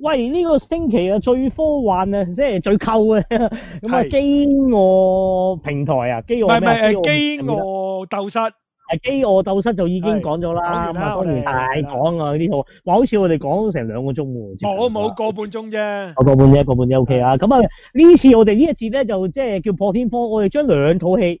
喂，呢、這個星期啊，最科幻啊，即係最扣嘅，咁啊，饑 餓平台啊，饑餓咩饑餓？饑餓鬥室，誒，饑餓鬥室就已經講咗啦。講完當然大講啊，呢套。話好似我哋講成兩個鐘喎。我冇個半鐘啫。個半鐘，一個半鐘 OK 啊。咁啊，呢次我哋呢一節呢，就即係叫破天荒，我哋將兩套戲。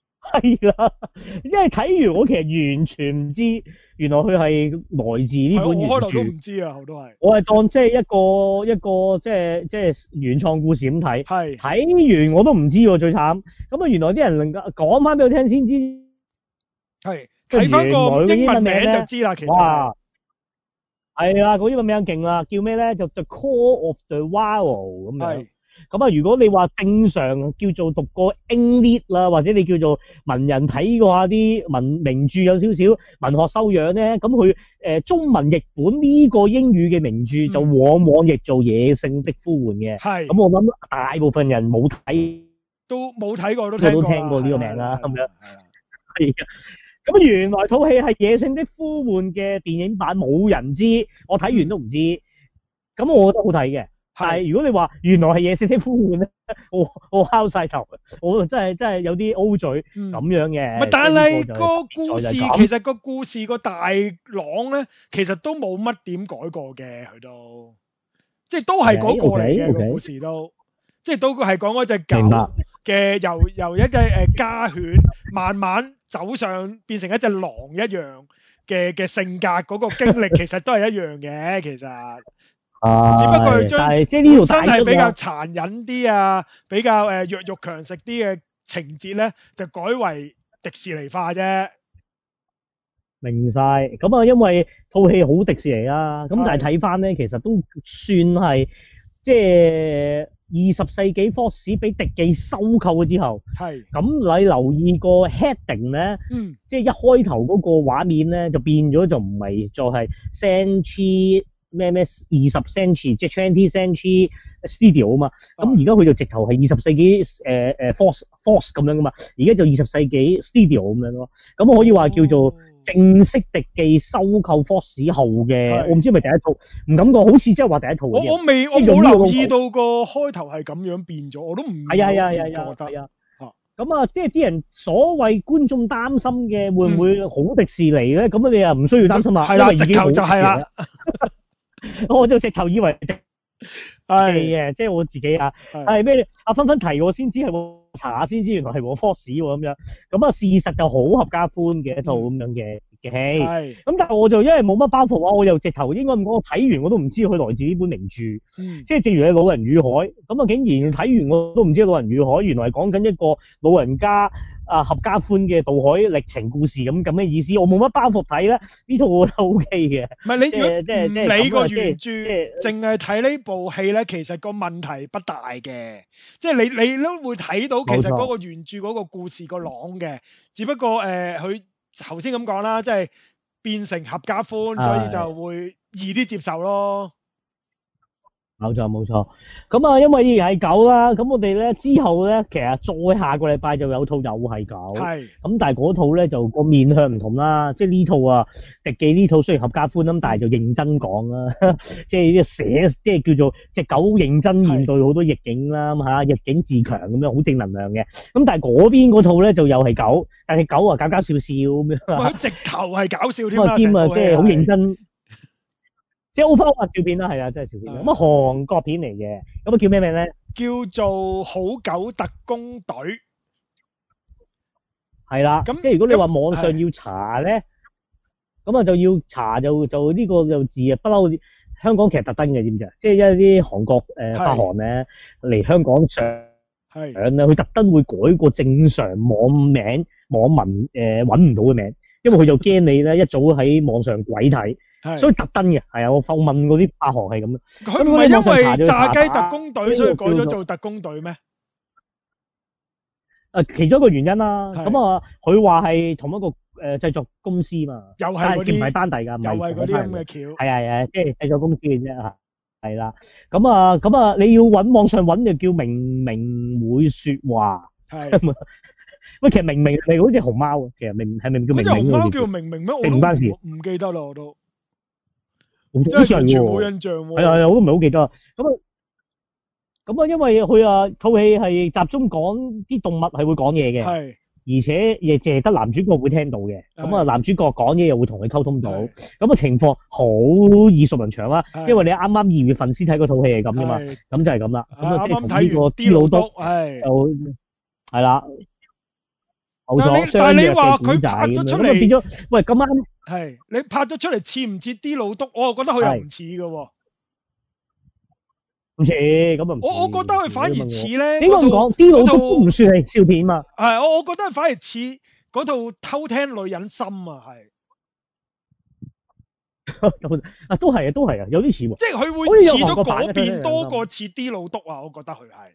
係啦，因為睇完我其實完全唔知，原來佢係來自呢本原著。我開頭都唔知啊，我都係。我係當即係一個一個即係即係原創故事咁睇。係睇完我都唔知，最慘。咁啊，原來啲人能夠講翻俾我聽先知。係睇翻個英文名就知啦，其實係。係啦，係嗰個英文名勁啦，叫咩咧？就 The Call of the Wild 咁樣。咁啊，如果你話正常叫做讀過 English 啦，或者你叫做文人睇嘅話，啲文名著有少少文學修養咧，咁佢、呃、中文譯本呢個英語嘅名著就往往亦做《野性的呼喚》嘅、嗯。係。咁我諗大部分人冇睇，都冇睇過，都聽過。都聽過呢個名啦，咁啊。咁 原來套戲係《野性的呼喚》嘅電影版，冇人知。我睇完都唔知。咁、嗯、我覺得好睇嘅。但係如果你話原來係野獸的呼喚咧，我我敲晒頭，我真係真係有啲 O 嘴咁樣嘅、嗯。但係個故事其實個故事個大狼咧，其實都冇乜點改過嘅，佢都即係、okay, okay、都係嗰個嚟嘅故事都，即係都係講嗰隻狗嘅由由一隻誒家犬慢慢走上變成一隻狼一樣嘅嘅性格嗰、個經歷，其實都係一樣嘅，其實。啊！只不過係將即係呢條真係比較殘忍啲啊，比較誒弱肉強食啲嘅情節咧，就改為迪士尼化啫。明晒咁啊，因為套戲好迪士尼啊。咁但係睇翻咧，其實都算係即係二十世紀福斯俾迪記收購咗之後。係咁，你留意個 heading 咧、嗯，即係一開頭嗰個畫面咧，就變咗就唔係再係 s a n c h 咩咩二十 Century 即係 Twenty Century Studio 啊嘛，咁而家佢就直頭係二十世紀 Fox Fox 咁樣噶嘛，而家就二十世紀 Studio 咁樣咯，咁可以話叫做正式迪記收購 Fox 後嘅，嗯，我唔知係咪第一套，唔感覺好似即係話第一套我，我未我冇留意到個開頭係咁樣變咗，我都唔係呀呀呀呀，係啊，咁啊，即係啲人所謂觀眾擔心嘅會唔會好迪士尼咧？咁，嗯、你又唔需要擔心就啊，因為已經 我就直頭以為係啊，即係我自己啊，係咩阿芬芬提我先知，係我查下先知，原來係我 force 咁樣。咁啊，事實就好合家歡嘅一套咁樣嘅嘅戲。咁但係我就因為冇乜包袱話，我又直頭應該咁講，我睇完我都唔知佢來自呢本名著。嗯、即係正如係《老人與海》，咁啊竟然睇完我都唔知《老人與海》原來係講緊一個老人家。啊！合家歡嘅渡海歷程故事咁咁嘅意思，我冇乜包袱睇咧。呢套我都 OK 嘅。唔係你如果個原著，即係即係即係講淨係睇呢部戲咧，其實個問題不大嘅。即係你你都會睇到其實嗰個原著嗰個故事個朗嘅。只不過佢頭先咁講啦，呃，即係變成合家歡，所以就會易啲接受咯。冇錯冇錯，咁啊，因為依然係狗啦，咁我哋呢之後呢，其實再下個禮拜就有套又係狗，係，咁但係嗰套呢，就個面向唔同啦，即係呢套啊，迪記呢套雖然合家歡咁，但係就認真講啦， 即係寫即係叫做隻狗認真面對好多逆境啦，吓逆、啊、境自強咁樣，好正能量嘅，咁但係嗰邊嗰套呢，就又係狗，但係狗啊，搞搞笑笑咁樣，直頭係搞笑添啦，兼啊即係好認真。即係 open 啊，照片啦，係啊，真係照片。咁啊，韓國片嚟嘅，咁啊叫咩名咧？叫做《好狗特攻隊》係。係啦，即係如果你話網上要查咧，咁啊就要查就就呢個就字啊，不嬲香港其實特登嘅知唔知啊？即係一啲韓國誒、呃，發行咧嚟香港上上咧，佢特登會改個正常網名，網民誒揾唔到嘅名，因為佢就驚你咧一早喺網上鬼睇。所以特登嘅，係啊，我訪問嗰啲阿學係咁嘅。佢唔係因為炸雞特工隊，所以改咗做特工隊咩？誒，其中一個原因啦。咁啊，佢話係同一個誒製作公司嘛。又係嗰啲唔係班底噶，又係嗰啲咁嘅橋。係啊係，即係製作公司嘅啫啊。係、嗯、啦，咁啊咁啊，你要搵網上搵就叫明明會說話。喂，其實明明係好似熊貓啊。其實明係咪叫明明？即、那、係、個、熊貓叫明明咩？唔記得啦，我都。冇印象喎，係啊係啊，我都唔係好記得。咁啊咁啊，因為佢啊套戲係集中講啲動物係會講嘢嘅，係，而且亦淨係得男主角會聽到嘅。咁啊男主角講嘢又會同佢溝通到，咁啊、那個、情況好耳熟能詳啦。因為你啱啱二月份先睇嗰套戲係咁噶嘛，咁就係咁啦。咁啊即係同呢個啲老督，係，係啦。但係你但係你話佢拍咗出嚟變咗，喂，咁啱，係你拍咗出嚟似唔似啲老督？我又覺得佢又唔似嘅，唔似咁啊！我我覺得佢反而似咧。你我講啲老督都唔算係笑片嘛？係我我覺得反而似嗰套偷聽女人心啊，係啊， 都係啊，都係啊，有啲似。即係佢會似咗嗰邊多過似啲老督啊、那個！我覺得佢係。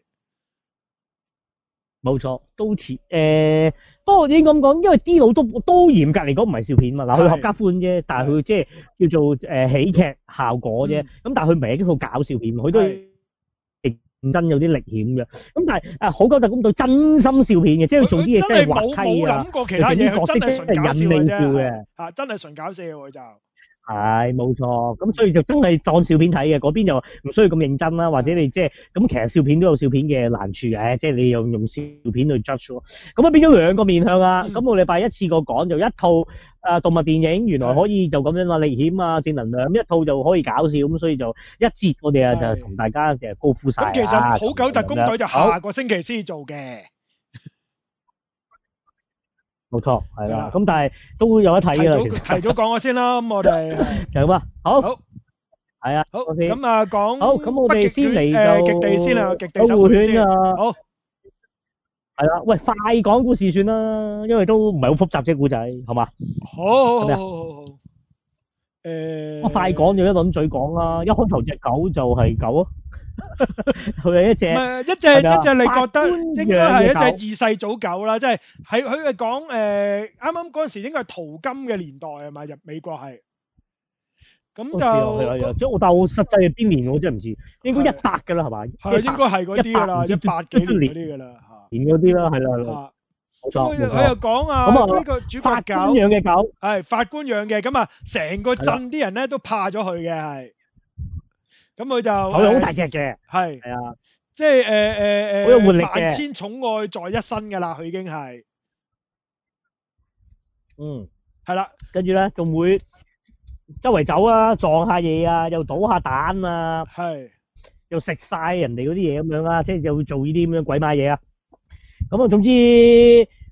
冇錯，都似誒，不過點講咁講，因為啲老都都嚴格嚟講唔係笑片嘛，嗱，佢合家歡啫，但係佢即係叫做誒、呃、喜劇效果啫，咁、嗯、但係佢唔係一套搞笑片，佢都認真有啲歷險嘅，咁但係誒、呃、好狗特攻都真心笑片嘅，即、就、係、是、做啲嘢真係滑稽啦、啊，佢啲角色真係純搞笑嘅，啊，啊真係純搞笑嘅就。係冇錯，咁所以就真係當笑片睇嘅，嗰邊就唔需要咁認真啦。或者你即係咁，其實笑片都有笑片嘅難處，誒，即係你用用笑片去 judge 咯。咁啊變咗兩個面向啊。咁我哋禮拜一次過講就一套誒動物電影，原來可以就咁樣啦，歷險啊，正能量，咁一套就可以搞笑咁，所以就一節我哋啊就同大家就高呼晒啦。咁其實《好狗特攻隊》就下個星期先做嘅。冇錯，係啦。咁但係都會有得睇噶啦。其實提早講我先啦，咁我哋就咁啊。好，係啊。好，OK，咁啊講好。咁我哋先嚟就極地先啊，極地守護犬啊。好，係啦。喂，快講故事算啦，因為都唔係好複雜啫，古仔好嘛？好。咩啊？誒，我快講就一輪嘴講啦。一開頭隻狗就係狗啊。佢 係一隻，唔係一隻，一隻你覺得應該係一隻二世祖狗啦，即係喺佢係講誒，啱啱嗰陣時應該係淘金嘅年代啊嘛，入美國係咁就，即我、啊啊、但係我實際係邊年我真係唔知道是、啊，應該一百噶啦係咪佢應該係嗰啲噶啦，一百幾年嗰啲噶啦年嗰啲啦係啦係啦，佢又講啊，呢、啊啊啊啊呢個主角狗法官養嘅狗係、啊、法官養嘅，咁啊成個鎮啲人咧都怕咗佢嘅係。咁佢就好大隻嘅，係，係啊，即係誒誒誒，好有活力嘅，萬千寵愛在一身嘅啦，佢已經係，嗯，係啦，跟住咧仲會周圍走啊，撞下嘢啊，又倒下蛋啊，係，又食曬人哋嗰啲嘢咁樣啦，即係又會做呢啲咁樣鬼馬嘢啊，咁啊總之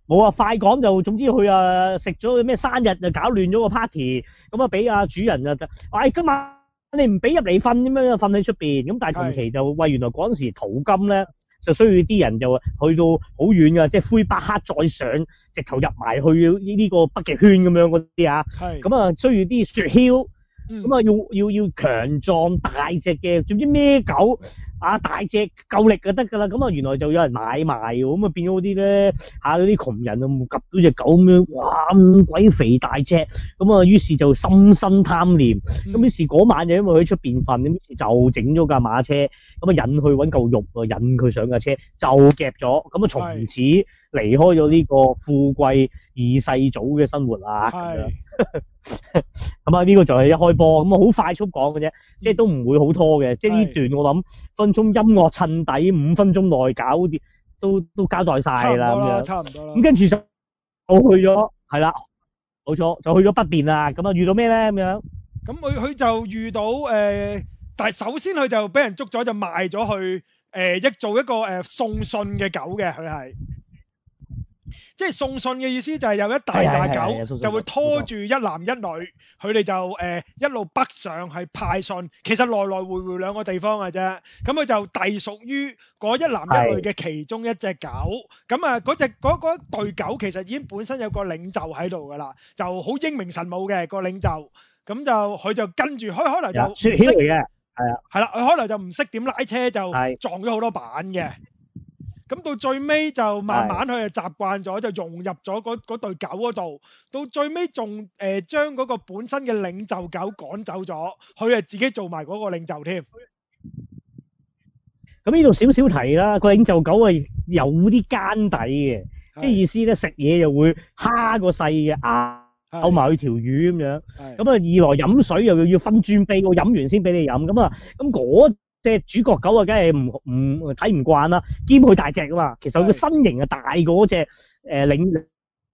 冇啊快講就總之佢啊食咗咩生日就搞亂咗個 party，咁啊俾阿主人啊，喂，今晚。你唔畀入嚟瞓咁樣，瞓喺出面，咁，但係同期就喂，原來嗰陣時淘金呢，就需要啲人就去到好遠㗎，即係灰白客再上，直頭入埋去呢呢個北極圈咁樣嗰啲啊，咁啊需要啲雪橇。咁、嗯、啊，要要要強壯大隻嘅，總之咩狗啊，大隻夠力就得㗎啦。咁啊，原來就有人買喎。咁啊變咗啲呢，嚇嗰啲窮人啊，夾到隻狗咁樣，哇咁鬼肥大隻，咁啊於是就心生貪念。咁、嗯、於是嗰晚就因為佢出邊瞓，咁於是就整咗架馬車，咁啊引去搵嚿肉啊，引佢上架車，就夾咗。咁啊從此離開咗呢個富貴二世祖嘅生活啊。咁啊，呢個就係一開波，咁啊好快速講嘅啫，即係都唔會好拖嘅、嗯，即係呢段我諗一分鐘音樂襯底五分鐘內搞，都都交代晒啦咁樣。差唔多啦，差唔多啦。咁跟住就就去咗，係啦，冇錯，就去咗北邊啦。咁啊，遇到咩咧咁樣？咁佢佢就遇到誒，但係、呃、首先佢就俾人捉咗，就賣咗去誒，一、呃、做一個誒、呃、送信嘅狗嘅，佢係。即係送信嘅意思就係有一大扎狗就會拖住一男一女，佢哋就誒、呃、一路北上去派信，其實來來回回兩個地方嘅啫。咁佢就隸屬於嗰一男一女嘅其中一隻狗。咁啊，嗰隻嗰對狗其實已經本身有個領袖喺度噶啦，就好英明神武嘅、嗰個領袖。咁就佢就跟住，佢可能就雪橇嚟嘅，係啊，係啦，佢、啊、可能就唔識點拉車，就撞咗好多板嘅。咁到最尾就慢慢佢就習慣咗，就融入咗嗰對狗嗰度。到最尾仲、呃、將嗰個本身嘅領袖狗趕走咗，佢就自己做埋嗰個領袖添。咁呢度少少提啦，個領袖狗係有啲奸底嘅，即係意思咧，食嘢又會蝦個細嘅，咬埋佢條魚咁樣。咁啊、嗯、二來飲水又要分尊卑，我飲完先俾你飲。咁啊咁嗰。嗯即係主角狗啊，梗係唔唔睇唔慣啦，兼佢大隻噶嘛，其實佢身形啊大過嗰隻誒、呃、領。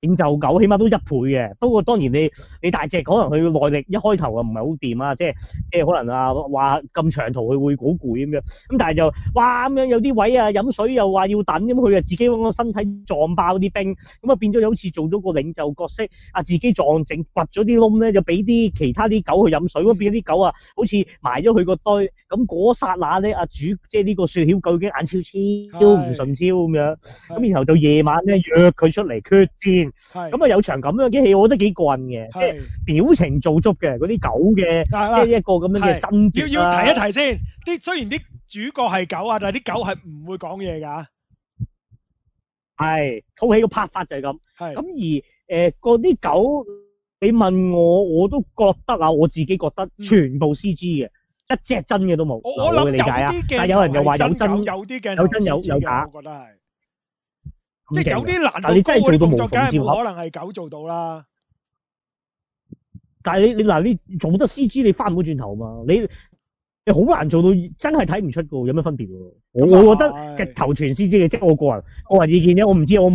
領袖狗起碼都一倍嘅，不過當然你你大隻，可能佢耐力一開頭啊唔係好掂啊，即係即係可能啊話咁長途佢會好攰咁樣，咁但係就哇咁樣有啲位啊飲水又話要等咁，佢啊自己揾個身體撞爆啲冰，咁啊變咗又好似做咗個領袖角色，啊自己撞整掘咗啲窿咧，就俾啲其他啲狗去飲水，咁變咗啲狗啊好似埋咗佢個堆，咁嗰剎那咧，阿主即係呢個雪橇狗已經眼超超唔順超咁樣，咁然後到夜晚咧，約佢出嚟決戰。係咁啊！有場咁樣嘅戲，我覺得幾勁嘅，即係表情做足嘅嗰啲狗嘅，即係一個咁樣嘅真、啊。要要提一提先，啲雖然啲主角係狗啊，但係啲狗係唔會講嘢噶。係套戲個拍法就係咁。係咁而誒，啲、呃、狗，你問我，我都覺得啊，我自己覺得全部 C G 嘅、嗯，一隻真嘅都冇。我諗有解呀，但係有人又話有真，有啲嘅有真有有假，我覺得係。即係有啲難嗱，但你真係做到無，動作梗係冇可能係狗做到啦。但係你你嗱，你做唔得 C G，你翻唔到轉頭嘛？你你好難做到，真係睇唔出噶，有咩分別喎、嗯嗯？我覺得直頭全 C G 嘅，即係我個人，我個人意見啫。我唔知，我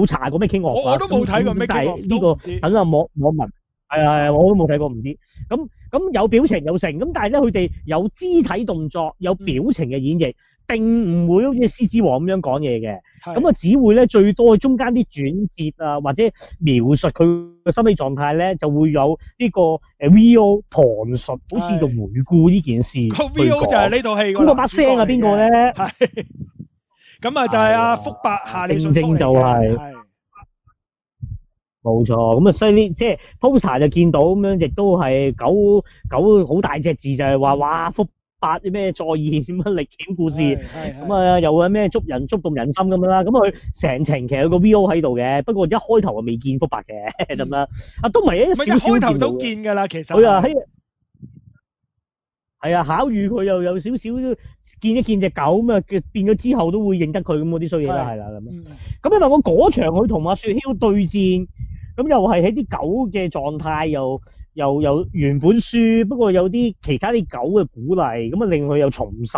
冇查過咩傾我。我都冇睇過咩喎？呢個係啦，網網民係係，我都冇睇過，唔知。咁、嗯、咁有表情有成，咁但係咧，佢哋有肢體動作，有表情嘅演繹。嗯並唔會好似獅子王咁樣講嘢嘅，咁啊只會咧最多中間啲轉折啊或者描述佢心理狀態咧就會有呢個誒 VO 旁述，好似個回顧呢件事。VO 就係、是那個、呢套戲，咁個把聲係邊個咧？咁啊就係阿福伯下令正，正就係、是，係，冇錯。咁啊，所以即係 poster 就見到咁樣，亦都係狗狗好大隻字就係、是、話哇福。八啲咩再現咁啊，歷險故事咁啊、嗯，又會咩捉人、捉動人心咁樣啦。咁佢成程其實有個 V.O. 喺度嘅，不過一開頭就未見福伯嘅咁啦。啊，都唔係一少少開頭都見噶啦。其實佢啊，係係啊，巧遇佢又有少少見一見隻狗咁啊，變咗之後都會認得佢咁嗰啲衰嘢啦，係啦咁。咁你問我嗰場佢同阿雪橇對戰？咁、嗯、又係喺啲狗嘅狀態，又又又原本輸，不過有啲其他啲狗嘅鼓勵，咁啊令佢又重拾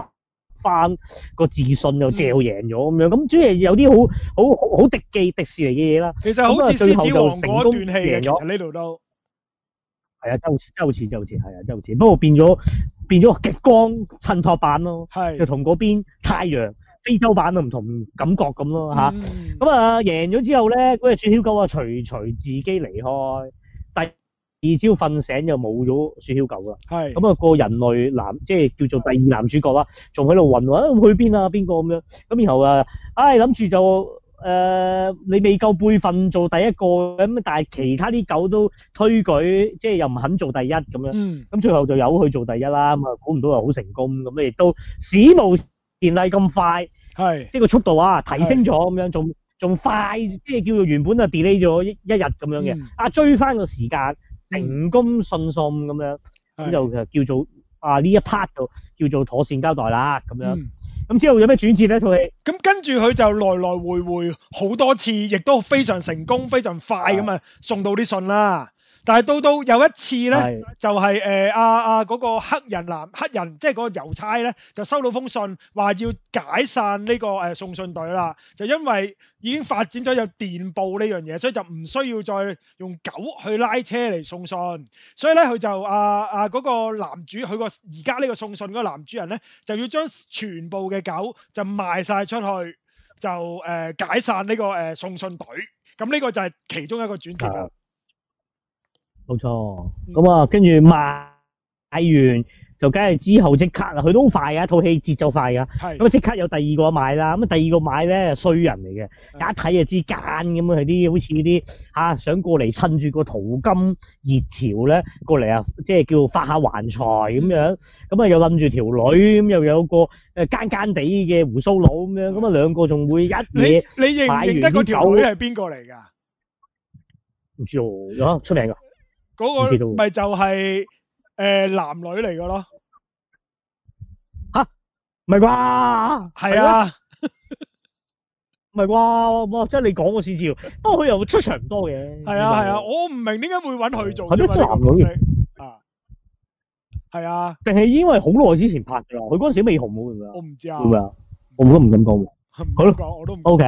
翻個自信，嗯、又借贏咗咁樣。咁主要係有啲好好好迪記迪士尼嘅嘢啦。其實好似最後就成功贏咗啊，呢度都係啊，真好似真好好似，係啊，真好似。不過變咗變咗極光襯托版咯，就同嗰邊太陽。非洲版都唔同感覺咁咯吓，咁、嗯、啊，贏咗之後咧，嗰、那、隻、個、雪橇狗啊，隨隨自己離開。第二朝瞓醒就冇咗雪橇狗啦。係。咁、嗯、啊，個人類男即係叫做第二男主角啦，仲喺度暈喎，去邊啊？邊個咁樣？咁然後啊，唉，諗住就誒、呃，你未夠輩分做第一個咁，但係其他啲狗都推舉，即係又唔肯做第一咁樣。咁、嗯、最後就由佢做第一啦。咁、嗯、啊，估唔到又好成功。咁你亦都史無。電力咁快，係，即係個速度啊，提升咗咁樣，仲仲快，即係叫做原本啊 delay 咗一一日咁樣嘅，啊、嗯、追翻個時間，成功送信咁樣，咁就叫做啊呢一 part 就叫做妥善交代啦咁樣，咁、嗯、之後有咩轉折咧？佢咁跟住佢就來來回回好多次，亦都非常成功，非常快咁啊送到啲信啦。但係到到有一次咧，就係誒啊啊個黑人男黑人，即係個郵差咧，就收到封信，話要解散呢個誒送信隊啦。就因為已經發展咗有電報呢樣嘢，所以就唔需要再用狗去拉車嚟送信。所以咧，佢就啊啊個男主，佢個而家呢個送信個男主人咧，就要將全部嘅狗就賣晒出去，就誒解散呢個誒送信隊。咁呢個就係其中一個轉折啦。冇錯，咁啊，跟住買完、嗯、就梗係之後即刻啦，佢都好快啊，套戲節奏快噶，咁啊即刻有第二個買啦，咁啊第二個買咧衰人嚟嘅，一睇就知奸咁啊，係啲好似啲吓想過嚟趁住個淘金熱潮咧過嚟啊，即係叫發下橫財咁樣，咁、嗯、啊又諗住條女咁，又有個誒奸奸地嘅胡鬚佬咁樣，咁啊兩個仲會一買你認得嗰條女係邊個嚟噶？唔知哦，出名噶。嗰、那個咪就係誒男女嚟嘅咯，吓，唔係啩？係啊，唔係啩？即係你講我先知，不過佢 又出場唔多嘅。係啊係啊，啊這個、我唔明點解會揾佢做。係咩男女嘅？啊，係啊。定 係因為好耐之前拍嘅，佢嗰時未紅，會唔會我唔知啊。唔會啊？我唔都唔敢講喎。唔 好講，我都唔。O K。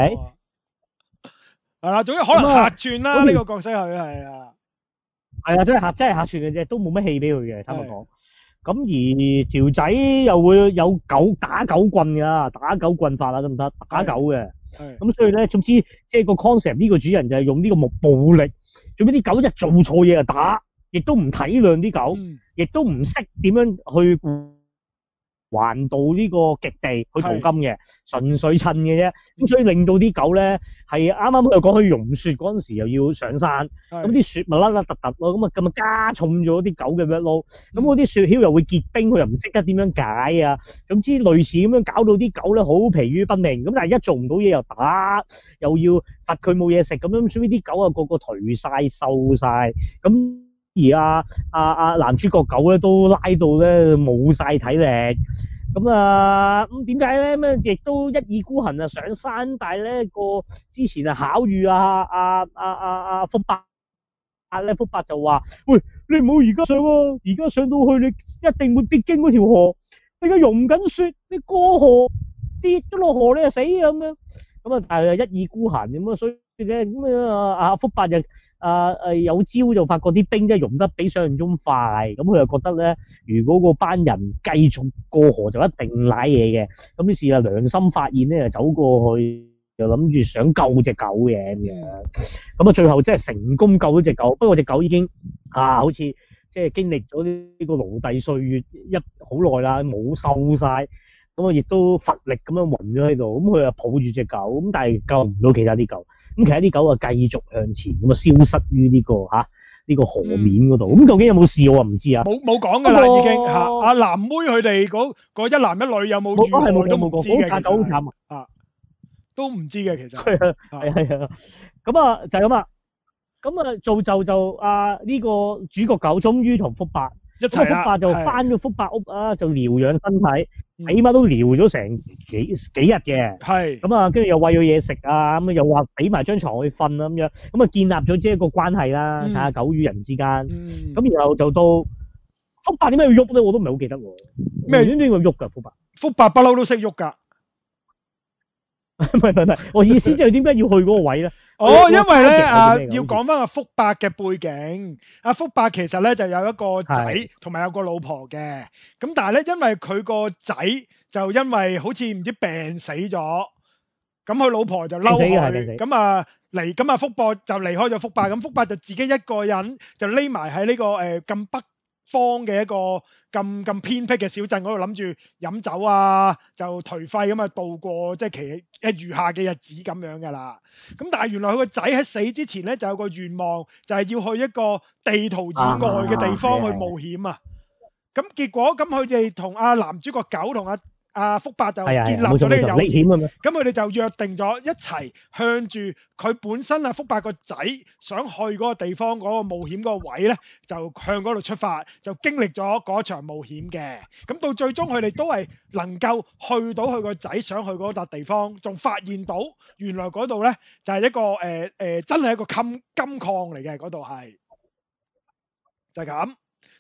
係啦，總之可能客串啦，呢 個人 個角色佢係啊。係 啊，真係客串，真係客串嘅啫，都冇乜戲俾佢嘅，坦白講。咁而條仔又會有狗打狗棍噶，打狗棍法啦，得唔得？打狗嘅。咁、嗯嗯、所以咧，總之即係個 concept 呢、這個主人就係用呢個目暴力，做咩啲狗一做錯嘢就打，亦都唔體諒啲狗，亦、嗯、都唔識點樣去。環到呢個極地去淘金嘅，純粹襯嘅啫。咁所以令到啲狗咧係啱啱又講去融雪嗰陣時又要上山，咁啲雪咪甩甩突突咯，咁啊咁啊加重咗啲狗嘅 weight load。咁嗰啲雪橇又會結冰，佢又唔識得點樣解啊。總之類似咁樣搞到啲狗咧好疲於奔命。咁但係一做唔到嘢又打，又要罰佢冇嘢食，咁樣所以啲狗啊個個頹晒、瘦晒。而阿、啊、阿、啊啊、男主角狗咧都拉到咧冇晒體力，咁、嗯、啊咁點解咧？咩亦都一意孤行啊上山大呢，但係咧個之前啊巧遇啊，阿啊福、啊啊、伯阿咧福伯就話：喂，你唔好而家上喎、啊，而家上到去你一定會必經嗰條河，你而家融緊雪，你過河跌咗落河你就死咁樣。咁、嗯、啊、嗯，但係一意孤行咁啊，所以。嘅、嗯、啊，阿福伯就、啊呃、有招就發覺啲冰真係融得比想象中快。咁佢又覺得呢，如果個班人繼續過河，就一定瀨嘢嘅。咁於是，啊良心發現呢就走過去，就諗住，想救隻狗嘅咁啊。最後即係成功救咗隻狗，不過隻狗已經啊，好似即係經歷咗呢個奴隸歲月一好耐啦，冇瘦晒，咁啊亦都乏力咁樣暈咗喺度。咁佢啊抱住隻狗，咁但係救唔到其他啲狗。咁其實啲狗啊，繼續向前，咁啊，消失於呢、這個吓呢、嗯啊這個河面嗰度。咁究竟有冇事我啊唔知啊，冇冇講噶啦，已經吓阿藍妹佢哋嗰個一男一女有冇，冇講係冇都冇講好啊，都唔知嘅其實係啊係啊，咁啊就係咁啊。咁啊造、啊啊就是啊、就就呢、啊這個主角狗終於同福伯，一出福伯就翻咗福伯屋啊，就療養身體，嗯、起碼都療咗成幾幾日嘅。係咁啊，跟住又喂咗嘢食啊，咁又話俾埋張床去瞓啊。咁樣咁啊，就建立咗即係個關係啦。睇、嗯、下狗與人之間，咁、嗯、然後就到福伯點解要喐咧？我都唔係好記得。咩短短會喐噶？福伯福伯不嬲都識喐噶。唔係唔係，我意思就係點解要去嗰個位咧？哦、 oh，因為咧啊，要講翻阿福伯嘅背景。阿福伯其實咧就有一個仔，同埋有個老婆嘅。咁但係咧，因為佢個仔就因為好似唔知病死咗，咁佢老婆就嬲佢。咁啊嚟咁啊福伯就離開咗福伯。咁福伯就自己一個人就匿埋喺呢個誒，咁、呃、北方嘅一個。咁咁偏僻嘅小鎮嗰度，諗住飲酒啊，就頹廢咁啊，度過即係、就是、其餘下嘅日子咁樣噶啦。咁但係原來佢個仔喺死之前咧，就有個願望，就係、是、要去一個地圖以外嘅地方去冒險啊。咁、啊啊啊、結果咁佢哋同阿男主角狗同阿、啊。阿、啊、福伯就建立咗呢個友誼，咁佢哋就約定咗一齊向住佢本身阿福伯個仔想去嗰個地方嗰、那個冒險嗰個位咧，就向嗰度出發，就經歷咗嗰場冒險嘅。咁到最終佢哋都係能夠去到佢個仔想去嗰笪地方，仲發現到原來嗰度咧就係、是、一個誒誒、呃呃、真係一個冚金礦嚟嘅，嗰度係就係、是、咁。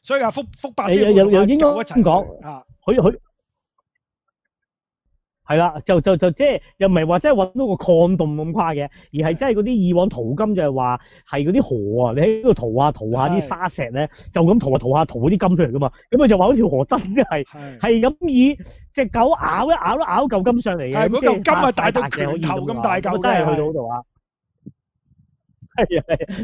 所以阿、啊、福福伯先有阿福伯、呃呃呃、應該一齊講啊，佢佢。係啦，就就就即係，又唔係話真係搵到個礦洞咁誇嘅，而係真係嗰啲以往淘金就係話係嗰啲河啊，你喺度淘下、啊、淘下、啊、啲、啊、沙石咧，就咁淘下、啊、淘下、啊、淘啲、啊、金出嚟噶嘛，咁佢就話好似條河真係係咁以隻狗咬一咬咯，咬嚿金上嚟嘅，係嗰、嚿、金啊大到拳頭咁大嚿真係去到嗰度啊！係啊，係啊，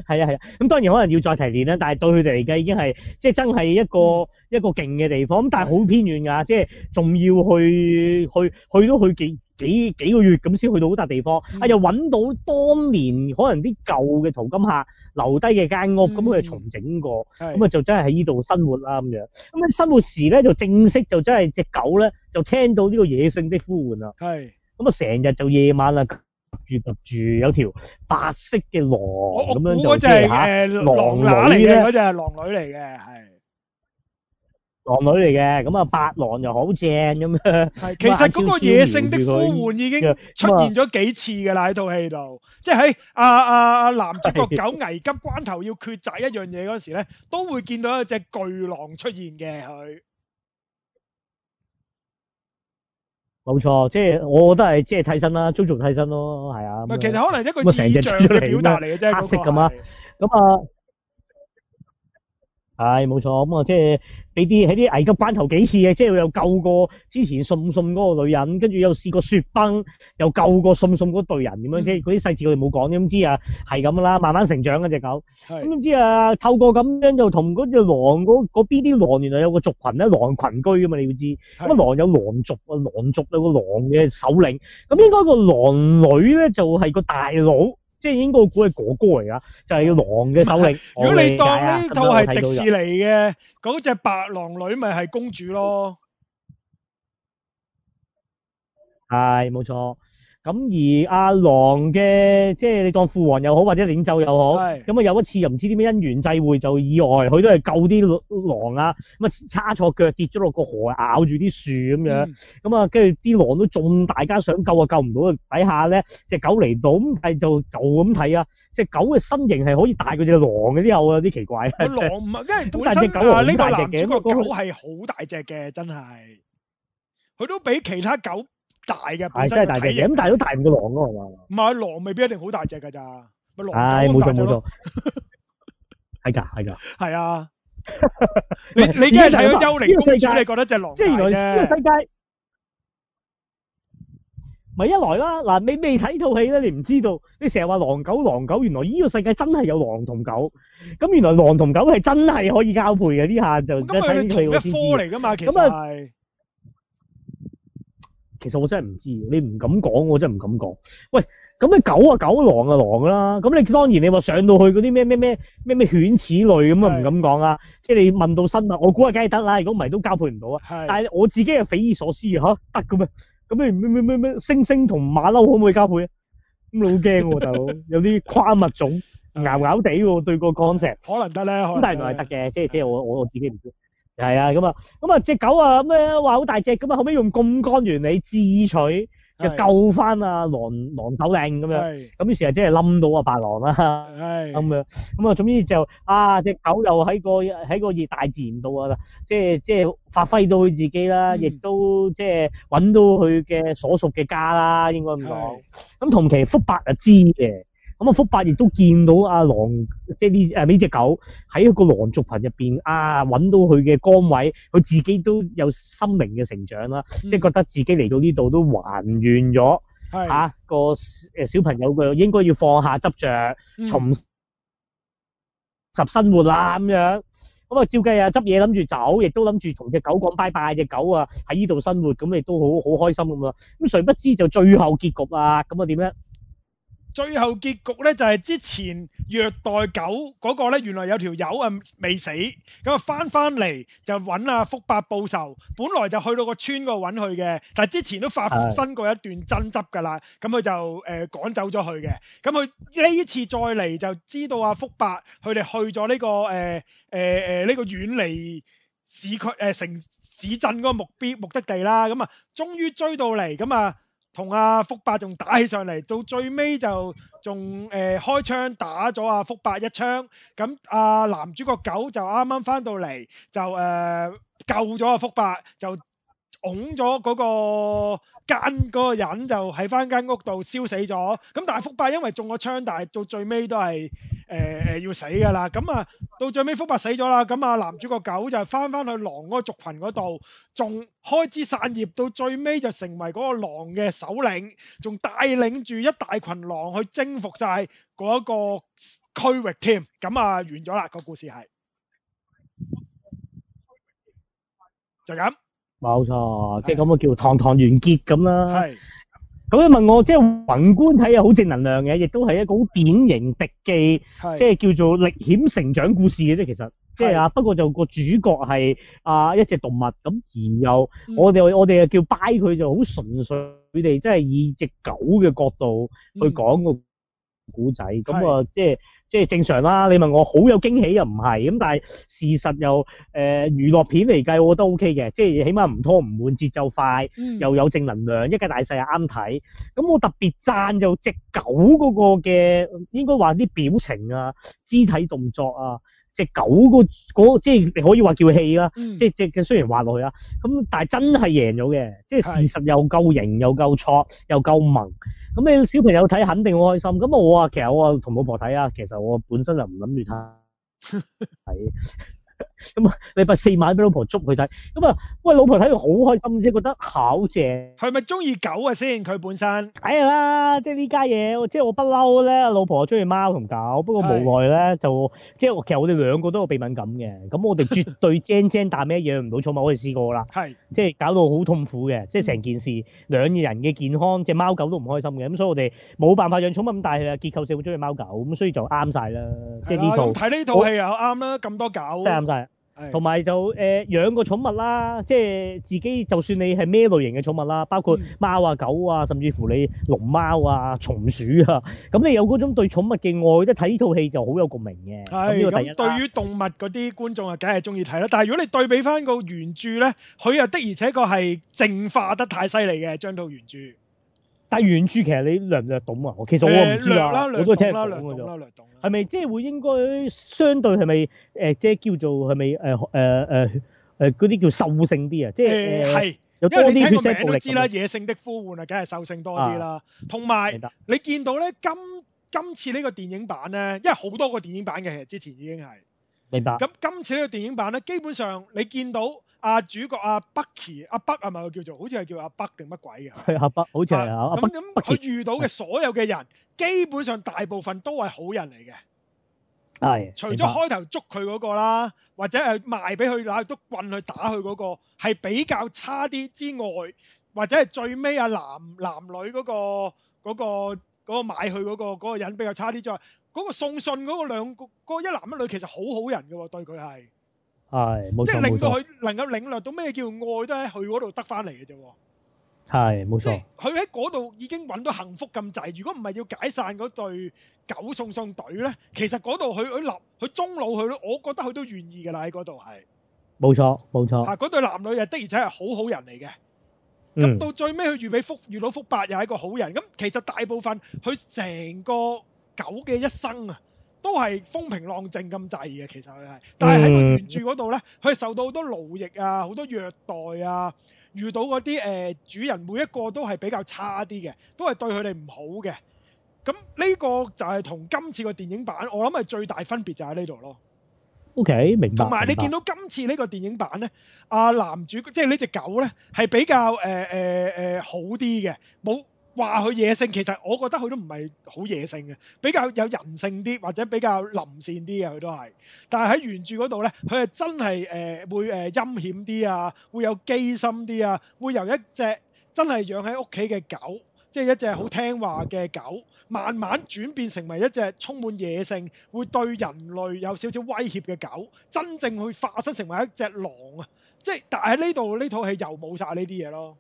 係啊，係啊！咁當然可能要再提煉啦，但係對佢哋嚟講已經係即係真係一個、嗯、一個勁嘅地方。咁但係好偏遠㗎，即係仲要去去去都去幾幾幾個月咁先去到好笪地方。啊、嗯，又揾到當年可能啲舊嘅淘金客留低嘅間屋，咁佢哋重整過，咁啊就真係喺呢度生活啦咁樣。咁啊生活時咧就正式就真係隻狗咧就聽到呢個野性的呼喚啦。係。咁啊成日就夜晚啊。住揼住有條白色嘅狼咁樣就，嗰隻係誒狼乸嚟嘅，嗰隻係狼女嚟嘅。係，狼女嚟嘅，咁啊白狼又好正咁樣。係，其實嗰個野性的呼喚已經出現咗幾次噶啦，喺套戲度，即係喺阿阿阿男主角狗危急關頭要抉擇一樣嘢嗰時咧，都會見到有隻巨狼出現嘅佢。冇錯，即係我覺得是即係替身啦，JOJO 替身咯，係啊、嗯。其實可能一句字嚟嘅表達嚟嘅啫，嗯，那個、是黑色咁啊。是的嗯唉冇錯，咁啊、嗯、即係俾啲喺啲危急關頭幾次嘅，即係又救過之前送信嗰個女人，跟住又試過雪崩，又救過送信嗰隊人，咁、嗯、樣即係嗰啲細節我哋冇講，咁知啊係咁啦，慢慢成長嗰、啊、隻狗。咁點知啊，透過咁樣就同嗰隻狼嗰嗰邊啲狼，的狼原來有個族群咧，狼群居噶嘛，你要知。咁、那個、狼有狼族啊，狼族有個狼嘅首領，咁應該個狼女呢，就係、是、個大佬。即係已經個估係哥哥嚟噶，就係、是、要狼嘅首領。如果你當呢套係迪士尼嘅，嗰隻白狼女咪係公主咯，係冇錯。咁而阿、啊，狼嘅，即係你當父王又好，或者領袖又好，咁啊，有一次又唔知啲咩因緣際會就意外，佢都係救啲狼啊，咁啊，差錯腳跌咗落個河，咬住啲樹咁樣，咁啊，跟住啲狼都仲大家想救啊救唔到，底下咧隻狗嚟到咁係就就咁睇啊，隻狗嘅身形係可以大過隻狼嘅，都有啲奇怪。狼唔係，因為本身啊，呢，大隻嘅，呢個狗係好大隻嘅，真係，佢都比其他狗。大嘅，係真係大嘅，咁大都大唔到狼噶嘛？唔係，狼未必一定好大隻噶咋？唉，冇錯冇錯，係噶係噶，係 啊！ 你你點解睇到《幽靈公主》這個？你覺得隻狼？即係原來呢個世界咪一來啦嗱？你未睇套戲咧，你唔知道。你成日話狼狗狼狗，原來呢個世界真係有狼同狗。咁原來狼同狗係真係可以交配嘅，呢下就咁啊！你同一科嚟噶嘛？其實係。其實我真係唔知，你唔敢講，我真係唔敢講。喂，咁你狗啊，狗狼啊，狼啊，狼啊，狼啦，咁你當然你話上到去嗰啲咩咩咩咩犬齒類咁啊，唔敢講啦。即係你問到生物，我估下梗係得啦。如果唔係都交配唔到啊。但係我自己係匪夷所思嘅得嘅咩？咁、啊、你咩咩咩咩猩猩同馬騮可唔可以交配啊？咁你好驚喎大佬，有啲跨物種，拗拗地喎對個概念。可能得咧，咁但係仲係得嘅，即係即係我我自己唔知。係啊，咁啊，咁啊隻狗啊，咁咧話好大隻，咁啊後尾用槓杆原理智取就救返啊狼狼首領咁樣，咁呢時啊真係冧到啊白狼啦，咁樣，咁啊總之就啊隻狗又喺個喺個大自然度啊，即係即係發揮到佢自己啦，亦、嗯、都即係搵到佢嘅所屬嘅家啦，應該咁講。咁同期福伯就知嘅。咁、嗯、啊，福伯亦都見到阿、啊、狼，即係呢誒呢隻狗喺一個狼族群入面啊，揾到佢嘅崗位，佢自己都有心靈嘅成長啦，嗯、即係覺得自己嚟到呢度都還原咗嚇個、呃、小朋友嘅，應該要放下執着，重拾生活啦咁、嗯、樣。咁、嗯、啊、嗯嗯嗯，照計啊，執嘢諗住走，亦都諗住同隻狗講拜拜，這隻狗啊喺呢度生活，咁亦都好好開心咁啊。咁誰不知就最後結局啊？咁我點咧？最後結局咧就係、是、之前虐待狗嗰個咧，原來有條友啊未死，咁啊翻翻嚟就揾阿福伯報仇。本來就去到個村度揾佢嘅，但係之前都發生過一段爭執噶啦，咁佢就誒趕、呃、走咗佢嘅。咁佢呢一次再嚟就知道阿福伯、這個，佢哋去咗呢個誒誒誒呢個遠離市區誒、呃、城市鎮嗰個目標目的地啦。咁啊，終於追到嚟，咁啊。同阿、啊、福伯仲打起上嚟，到最尾就仲誒、呃、開槍打咗阿、啊、福伯一槍，咁阿、啊、男主角狗就啱啱翻到嚟就誒、呃、救咗阿、啊、福伯，就拱咗嗰個。間嗰個人就喺翻間屋度燒死咗咁，但係福伯因為中咗槍，但係到最尾都係誒誒要死噶啦。咁啊到最尾福伯死咗啦。咁啊男主角狗就翻翻去狼嗰個族群嗰度，仲開枝散葉到最尾就成為嗰個狼嘅首領，仲帶領住一大群狼去征服晒嗰一個區域添。咁啊完咗啦，個故事係就咁。冇錯，即係咁個叫堂堂完結咁啦。係咁，你問我即係、就是、宏觀睇又好正能量嘅，亦都係一個好典型迪記，即係叫做歷險成長故事嘅啫。其實即係、就是、啊，不過就個主角係啊一隻動物，咁而又我哋、嗯、我哋叫掰佢就好純粹，佢哋即係以隻狗嘅角度去講個。嗯古仔咁啊，即係即係正常啦。你問我好有驚喜又唔係咁，但係事實又誒，呃、娛樂片嚟計我都 O K 嘅，即係起碼唔拖唔換節奏快，嗯，又有正能量，一家大細又啱睇。咁我特別讚就隻狗嗰個嘅，應該話啲表情啊、肢體動作啊。隻狗嗰嗰、那個、即係你可以話叫戲啦，即係隻腳雖然滑落去啊，咁但係真係贏咗嘅，即係事實又夠型又夠挫又夠萌，咁你小朋友睇肯定好開心。咁啊，我啊其實我啊同老婆睇啊，其實我本身就唔諗住睇睇。 咁啊，禮拜四晚俾老婆捉佢睇，咁啊，喂，老婆睇到好開心即係，覺得好正，係咪中意狗啊先？佢本身係啦，即係呢家嘢，即係我不嬲咧。老婆中意貓同狗，不過無奈咧就，即係其實我哋兩個都有鼻敏感嘅，咁 我哋絕對精精，但咩養唔到寵物，我哋試過啦，係，即係搞到好痛苦嘅，即係成件事，兩個人嘅健康，即係貓狗都唔開心嘅，咁所以我哋冇辦法養寵物，咁大嘅結構，社會中意貓狗，咁所以就啱晒啦，即係呢套睇呢套戲又啱啦，咁多狗同埋就誒、呃、養個寵物啦，即係自己就算你係咩類型嘅寵物啦，包括貓啊、狗啊，甚至乎你龍貓啊、松鼠啊，咁你有嗰種對寵物嘅愛，即係睇呢套戲就好有共鳴嘅。係，對於動物嗰啲觀眾啊，梗係中意睇啦。但係如果你對比翻個原著咧，佢又的而且確係淨化得太犀利嘅張套原著。但原著其實你略唔略懂啊？我其實我唔知啊，欸，我都聽唔懂嘅啫。係咪即係會應該相對係咪，誒即係叫做係咪，誒誒誒誒嗰啲叫獸性啲啊？即係係，呃、有因為你聽名都知啦，野性的呼喚啊，梗係獸性多啲啦。同埋你見到咧，今今次呢個電影版咧，因為好多個電影版嘅其實之前已經係明白。咁今次呢個電影版咧，基本上你見到。阿主角阿北 u 阿北啊，咪、啊？係叫做好似係叫阿北定乜鬼嘅？係阿北，好似係阿咁咁，佢、啊、遇到嘅所有嘅人、啊，基本上大部分都係好人嚟嘅。係、哎。除咗開頭捉佢嗰個啦，或者係賣俾佢攞督棍去打佢嗰、那個，係比較差啲之外，或者係最尾阿男男女嗰、那個嗰、那個、那個買佢嗰、那個嗰、那個人比較差啲之外，嗰、那個送信嗰個兩、那個一男一女其實好好人嘅、啊，對佢係。係，即係令到佢能夠領略到咩叫愛，都喺佢嗰度得翻嚟嘅啫。係，冇錯。佢喺嗰度已經揾到幸福咁滯。如果唔係要解散嗰對狗送送隊咧，其實嗰度佢佢立佢終老佢，我覺得佢都願意㗎啦。喺嗰度係，冇錯冇錯。吓，嗰對男女又的而且係好好人嚟嘅。咁到最尾佢遇美福遇到福伯又係一個好人。咁其實大部分佢成個狗嘅一生啊，都係風平浪靜咁滯嘅，其實佢係，但係喺個原著嗰度呢，佢受到好多奴役啊，好多虐待啊，遇到嗰啲誒主人每一個都係比較差啲嘅，都係對佢哋唔好嘅。咁呢個就係同今次個電影版，我諗係最大分別就喺呢度咯。O K，明白。同埋你見到今次呢個電影版呢，阿男主即係呢隻狗呢，係比較誒誒、呃呃、好啲嘅，冇。話佢野性，其實我覺得佢都唔係好野性嘅，比較有人性啲或者比較臨線啲嘅，佢都係。但係喺原著嗰度呢，佢係真係誒會誒陰險啲啊，會有機心啲啊，會由一隻真係養喺屋企嘅狗，即係一隻好聽話嘅狗，慢慢轉變成為一隻充滿野性、會對人類有少少威脅嘅狗，真正去化身成為一隻狼啊！即係但係呢度呢套戲又冇晒呢啲嘢咯。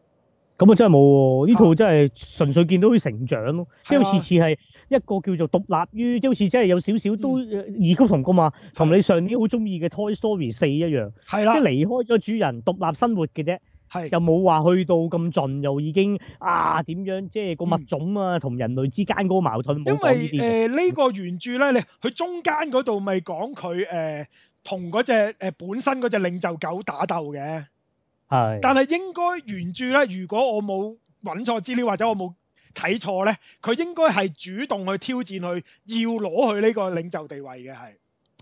咁啊，真係冇喎！呢套真係純粹見到佢成長咯，即、啊、係、就是、次次係一個叫做獨立於，即係好似真係有少少都、嗯、異曲同工嘛，同、啊、你上年好中意嘅 Toy Story 四一樣，即係、啊就是、離開咗主人、啊、獨立生活嘅啫，又冇話去到咁盡、啊，又已經啊點樣，即、就、係、是、個物種啊同、嗯、人類之間嗰個矛盾冇講呢啲嘅。因為呢、呃這個原著咧，你佢中間嗰度咪講佢同嗰隻本身嗰隻領袖狗打鬥嘅。係，但係應該原著咧，如果我冇揾錯資料，或者我冇睇錯咧，佢應該係主動去挑戰去要攞佢呢個領袖地位嘅，係。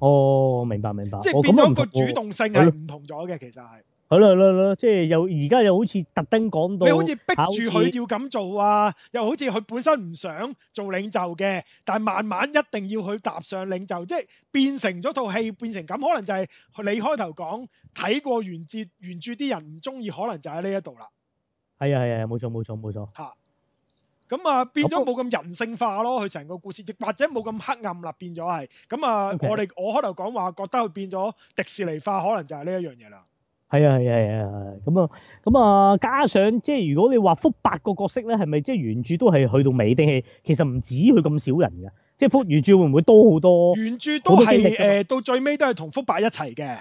哦，明白明白，即係變咗個主動性係唔同咗嘅，哦，其實係。好啦好啦好啦，即係又而家又好似特登講到，你好似逼住佢要咁做啊，又好似佢本身唔想做領袖嘅，但係慢慢一定要去踏上領袖，即係變成咗套戲，變成咁可能就係你開頭講睇過原著原著啲人唔中意，可能就喺呢一度啦。係啊係啊，冇錯冇錯冇錯。吓，咁啊變咗冇咁人性化咯，佢成個故事亦或者冇咁黑暗啦，變咗係。咁啊，我、okay. 哋我開頭講話覺得佢變咗迪士尼化，可能就係呢一樣嘢啦。係啊，係啊，係啊，咁啊，咁啊，加上即係如果你話福伯個角色咧，係咪即係原著都係去到尾，定係其實唔止佢咁少人嘅，即係福原著會唔會多好多？原著都係誒、呃、到最尾都係同福伯一齊嘅。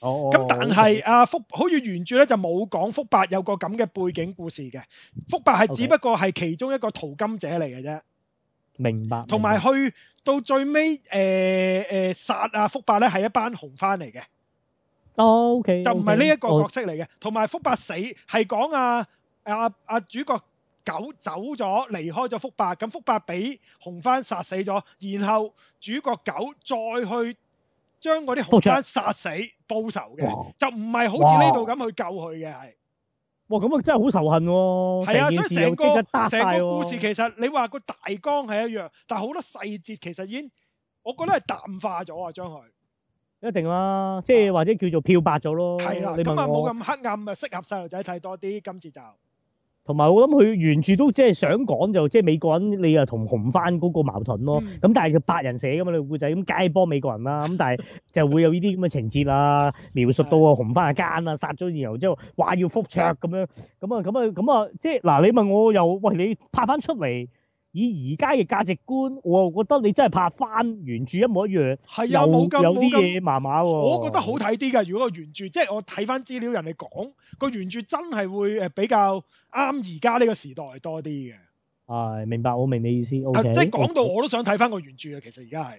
哦。咁、哦、但係、哦嗯、啊福好似原著咧就冇講福伯有個咁嘅背景故事嘅。福伯係只不過係其中一個淘金者嚟嘅啫。明白。同埋去到最尾誒誒殺阿福伯咧係一班紅番嚟嘅。O、oh, K，、okay, okay, okay, okay. 就唔係呢一個角色嚟嘅，同、oh. 埋福伯死係講啊，誒、啊、阿、啊、主角狗走咗，離開咗福伯，咁福伯俾紅番殺死咗，然後主角狗再去將嗰啲紅番殺死報仇嘅，就唔係好似呢度咁去救佢嘅係。哇，咁啊真係好仇恨係啊，啊，所以成個成、啊、個故事其實你話個大綱係一樣，但係好多細節其實已經我覺得係淡化咗啊，將 佢。一定啦，即係或者叫做漂白咗咯。係啦，咁啊冇咁黑暗啊，適合細路仔睇多啲今次就。同埋我諗佢原著都即係想講就即係美國人，你又同紅番嗰個矛盾咯。咁、嗯、但係就白人寫噶嘛，你古仔咁梗係幫美國人啦。咁 但係就會有呢啲咁嘅情節啦， 描述到啊紅番啊奸啊殺咗然後之後覆，話要復仇咁樣。咁啊咁啊咁啊，即係嗱你問我又喂你拍翻出嚟。以而家嘅價值觀，我覺得你真係拍翻原著一模一樣，啊、有冇咁啲嘢麻麻喎。一我覺得好睇啲㗎，如果個原著，即係我睇翻資料，人哋講個原著真係會誒比較啱而家呢個時代多啲嘅。係、啊、明白，我明你意思。OK，即係講到我都想睇翻個原著嘅，其實而家係。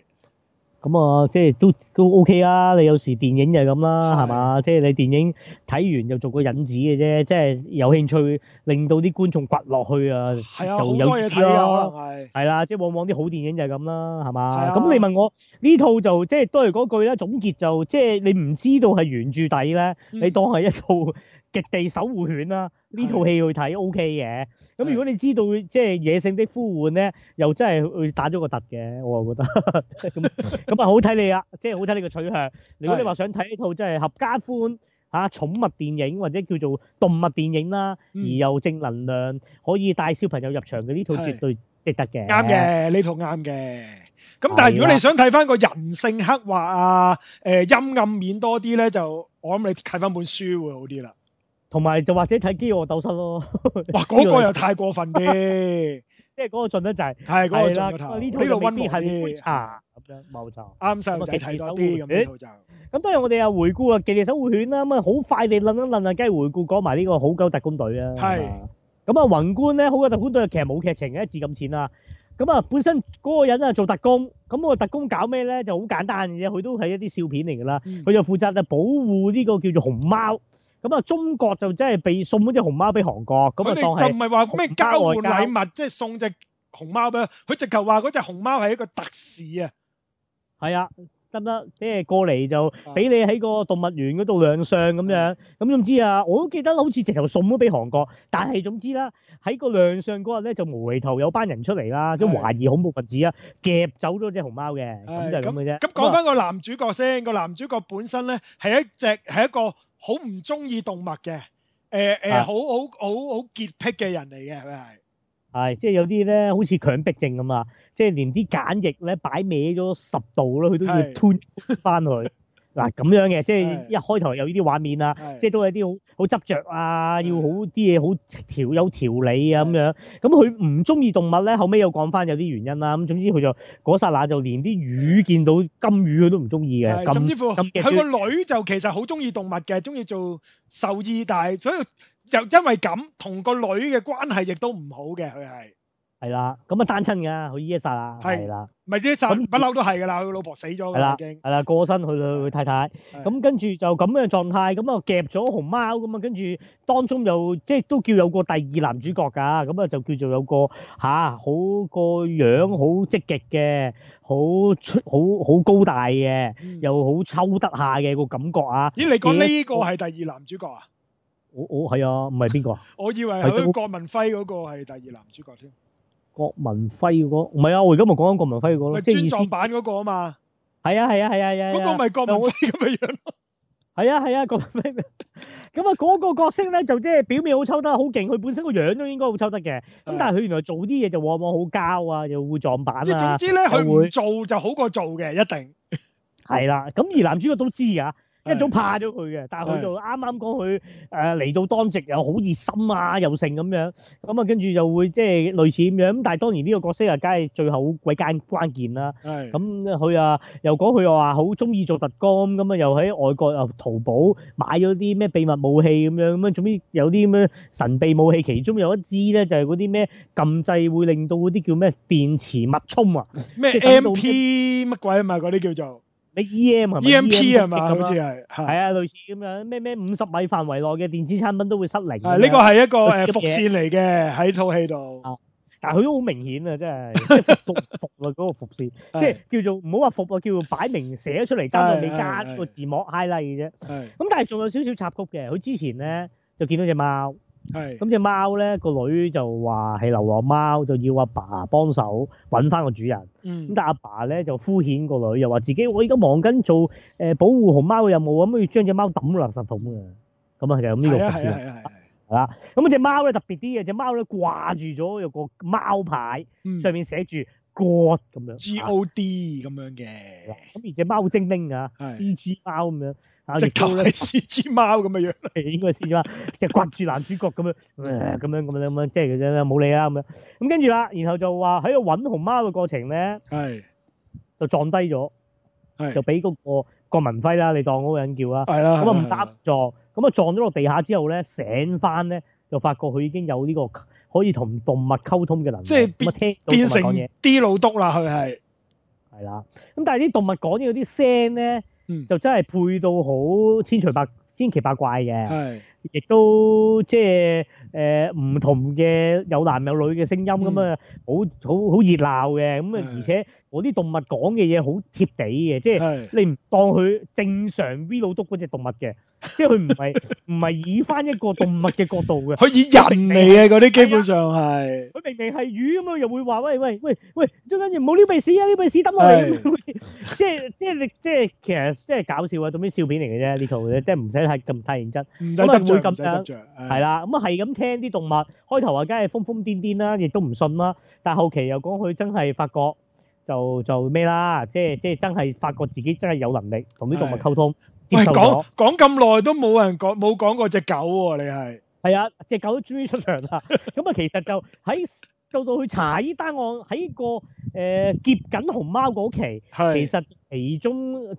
咁啊，即係都都 OK 啦、啊。你有時電影就係咁啦，係嘛？即係你電影睇完就做個引子嘅啫，即係有興趣令到啲觀眾掘落去啊，就有意思啦、啊。係啦，即係往往啲好電影就係咁啦，係嘛？咁你問我呢套就即係都係嗰句啦，總結就即係你唔知道係原著底咧、嗯，你當係一套。極地守護犬啦，呢套戲去睇 O K 嘅。咁、OK、如果你知道即係野性的呼喚咧，又真係去打咗個突嘅，我又覺得咁啊 好睇你啊，即、就、係、是、好睇你嘅取向的。如果你話想睇一套即係合家歡吓寵物電影或者叫做動物電影啦、嗯，而又正能量可以帶小朋友入場嘅，呢套絕對值得嘅。啱嘅，呢套啱嘅。咁但係如果你想睇翻個人性刻畫啊，誒陰、呃、暗面多啲咧，就我諗你睇翻本書會好啲啦。同埋就或者睇饑餓鬥室咯，哇嗰個又太過分嘅，即係嗰個盡得滯，係嗰個盡個頭，呢套溫啲係杯茶，冇錯，啱晒，唔使睇手繪咁樣就。咁當然，我哋又回顧啊，極地守護犬啦，咁啊好快地諗諗諗諗，梗係回顧講埋呢個好狗特攻隊啦，係，咁啊宏觀咧，好狗特攻隊其實冇劇情嘅，一字咁淺啦，咁啊本身嗰個人啊做特工，咁個特工搞咩咧？就好簡單嘅啫，佢都係一啲笑片嚟噶啦，佢就負責啊保護呢個叫做熊貓。咁啊，中國就真係被送咗隻熊貓俾韓國，咁就唔係話咩交換禮物，即係送隻熊貓俾佢。直頭話嗰隻熊貓係一個特使啊，係啊，得唔得？即係過嚟就俾你喺個動物園嗰度亮相咁樣。咁總之啊，我都記得好似直頭送咗俾韓國，但係總之啦，喺個亮相嗰日咧就無厘頭有班人出嚟啦，即係懷疑恐怖分子啊，夾走咗隻熊貓嘅。咁就係咁嘅啫。咁講翻個男主角先，個男主角本身咧係一隻係一個。好唔中意動物嘅，誒、呃、誒、呃，好好好好潔癖嘅人嚟嘅，係咪？係，即係有啲咧，好似強迫症咁啊！即係連啲鹼液咧擺歪咗十度啦，佢都要吞翻去。 嗱，咁樣嘅，即係一開頭有呢啲畫面啊，即係都係啲好好執着啊，要好啲嘢好有條理啊咁樣。咁佢唔中意動物咧，後尾又講翻有啲原因啦。咁總之佢就嗰剎那就連啲魚，見到金魚佢都唔中意嘅。甚至乎佢個女就其實好中意動物嘅，中意做獸醫，但係所以就因為咁，同個女嘅關係亦都唔好嘅，佢係。係啦，咁啊單親噶，佢耶煞啦，係啦，咪耶煞，不嬲都係噶啦，佢老婆死咗，係啦，已經係啦，過身去去佢太太，咁跟住就咁樣狀態，咁啊夾咗熊貓，咁啊跟住當中又即係都叫有個第二男主角噶，咁啊就叫做有個吓、啊、好個樣好積極嘅，好出好好高大嘅，又好抽得下嘅個感覺啊，咦、嗯？你講呢個係第二男主角啊？我我係啊，唔係邊個啊？ 我以為係郭文輝嗰個係第二男主角添。郭文輝嗰、那個，唔係啊，我而家咪講緊郭文輝嗰咯，即係專撞板嗰個啊嘛，係啊係啊係啊係啊，嗰個咪郭文輝咁嘅樣咯，係啊係啊郭文輝，咁啊嗰個角色咧就即係表面好抽得好勁，佢本身個樣都應該好抽得嘅，咁但係佢原來做啲嘢就往往好膠啊，又會撞板啊，即係總之咧佢唔做就好過做嘅一定，係 啦，咁而男主角都知噶。一早怕咗佢嘅，但係佢就啱啱講佢誒嚟到當值又好熱心啊，又剩咁樣，咁、嗯、啊跟住就會即係類似咁樣咁。但係當然呢個角色啊，梗係最後好鬼間關鍵啦。係咁，佢、嗯、啊又講佢話好中意做特工咁，咁、嗯、啊又喺外國又淘寶買咗啲咩秘密武器咁樣咁啊，總之有啲咁樣神秘武器，其中有一支咧就係嗰啲咩撳掣會令到嗰啲叫咩電磁脈衝啊，咩 MP 乜鬼啊嘛，嗰啲叫做。E.M 係 E.M.P 係嘛，好似係係啊，類似咁樣咩咩五十米範圍內嘅電子產品都會失靈。啊，呢、這個係一個誒伏線嚟嘅喺套戲度。啊，但係佢都好明顯啊，真係即係服服啊嗰 個伏線，即係叫做唔好話服啊，叫做擺明寫咗出嚟但到你加個字幕 highlight 啫。咁，但係仲有少少插曲嘅，佢之前咧就見到隻貓。係，咁隻貓咧個女就話係流浪貓，就要阿爸，爸幫手揾翻個主人。嗯，咁但阿爸咧就敷衍個女，又話自己我而家忙緊做誒保護熊貓嘅任務，咁要將隻貓抌落垃圾桶嘅。咁啊、就係，就咁、係、呢個故事啦。咁嗰隻貓咧特別啲嘅，隻貓咧掛住咗有個貓牌，上面寫住。嗯 God 咁樣，God 咁、啊、樣嘅，嗱、啊、咁而隻貓精靈啊，CG 貓咁樣，即係就係 CG 貓咁嘅樣嚟， 應該 CG 貓，即係刮住男主角咁樣，誒咁樣咁樣，即係佢咧冇理啦咁樣，咁跟住啦，然後就話喺度揾紅貓嘅過程咧，係就撞低咗，係就俾嗰、那個郭、那個、民輝啦，你當嗰個人叫啦，係啦，咁啊唔搭撞，咁啊撞咗落地下之後咧，醒翻咧就發覺佢已經有呢、這個。可以同動物溝通嘅能力，即係變聽變成啲老篤啦，佢係係啦。咁但係啲動物講嘢嗰啲聲咧、嗯，就真係配到好千奇百千奇百怪嘅，係亦都即係。就係誒、呃、唔同嘅有男有女嘅聲音咁啊，好好好熱鬧嘅咁啊，而且嗰啲動物講嘅嘢好貼地嘅，即係你唔當佢正常 v l 督嗰隻動物嘅，即係佢唔係唔係以翻一個動物嘅角度嘅。佢以人嚟嘅嗰啲基本上係。佢明明係魚咁啊，又會話喂喂喂喂，最緊要冇撩鼻屎啊，撩鼻屎耷落嚟。即係即係即係其實即係搞笑啊，做咩笑片嚟嘅啫呢套，即係唔使係咁太認真，唔使執著，唔使執著，係啦，咁啊係咁聽。聽啲動物，開頭話梗係瘋瘋癲癲啦，亦都唔信啦。但係後期又講佢真係發覺，就就咩啦，即係即係真係發覺自己真係有能力同啲動物溝通。喂，講講咁耐都冇人講，冇講過隻狗喎，啊，你係？係啊，隻狗都終於出場啦。咁啊，其實就喺到到去查呢單案，喺個誒劫緊熊貓嗰期，其實其中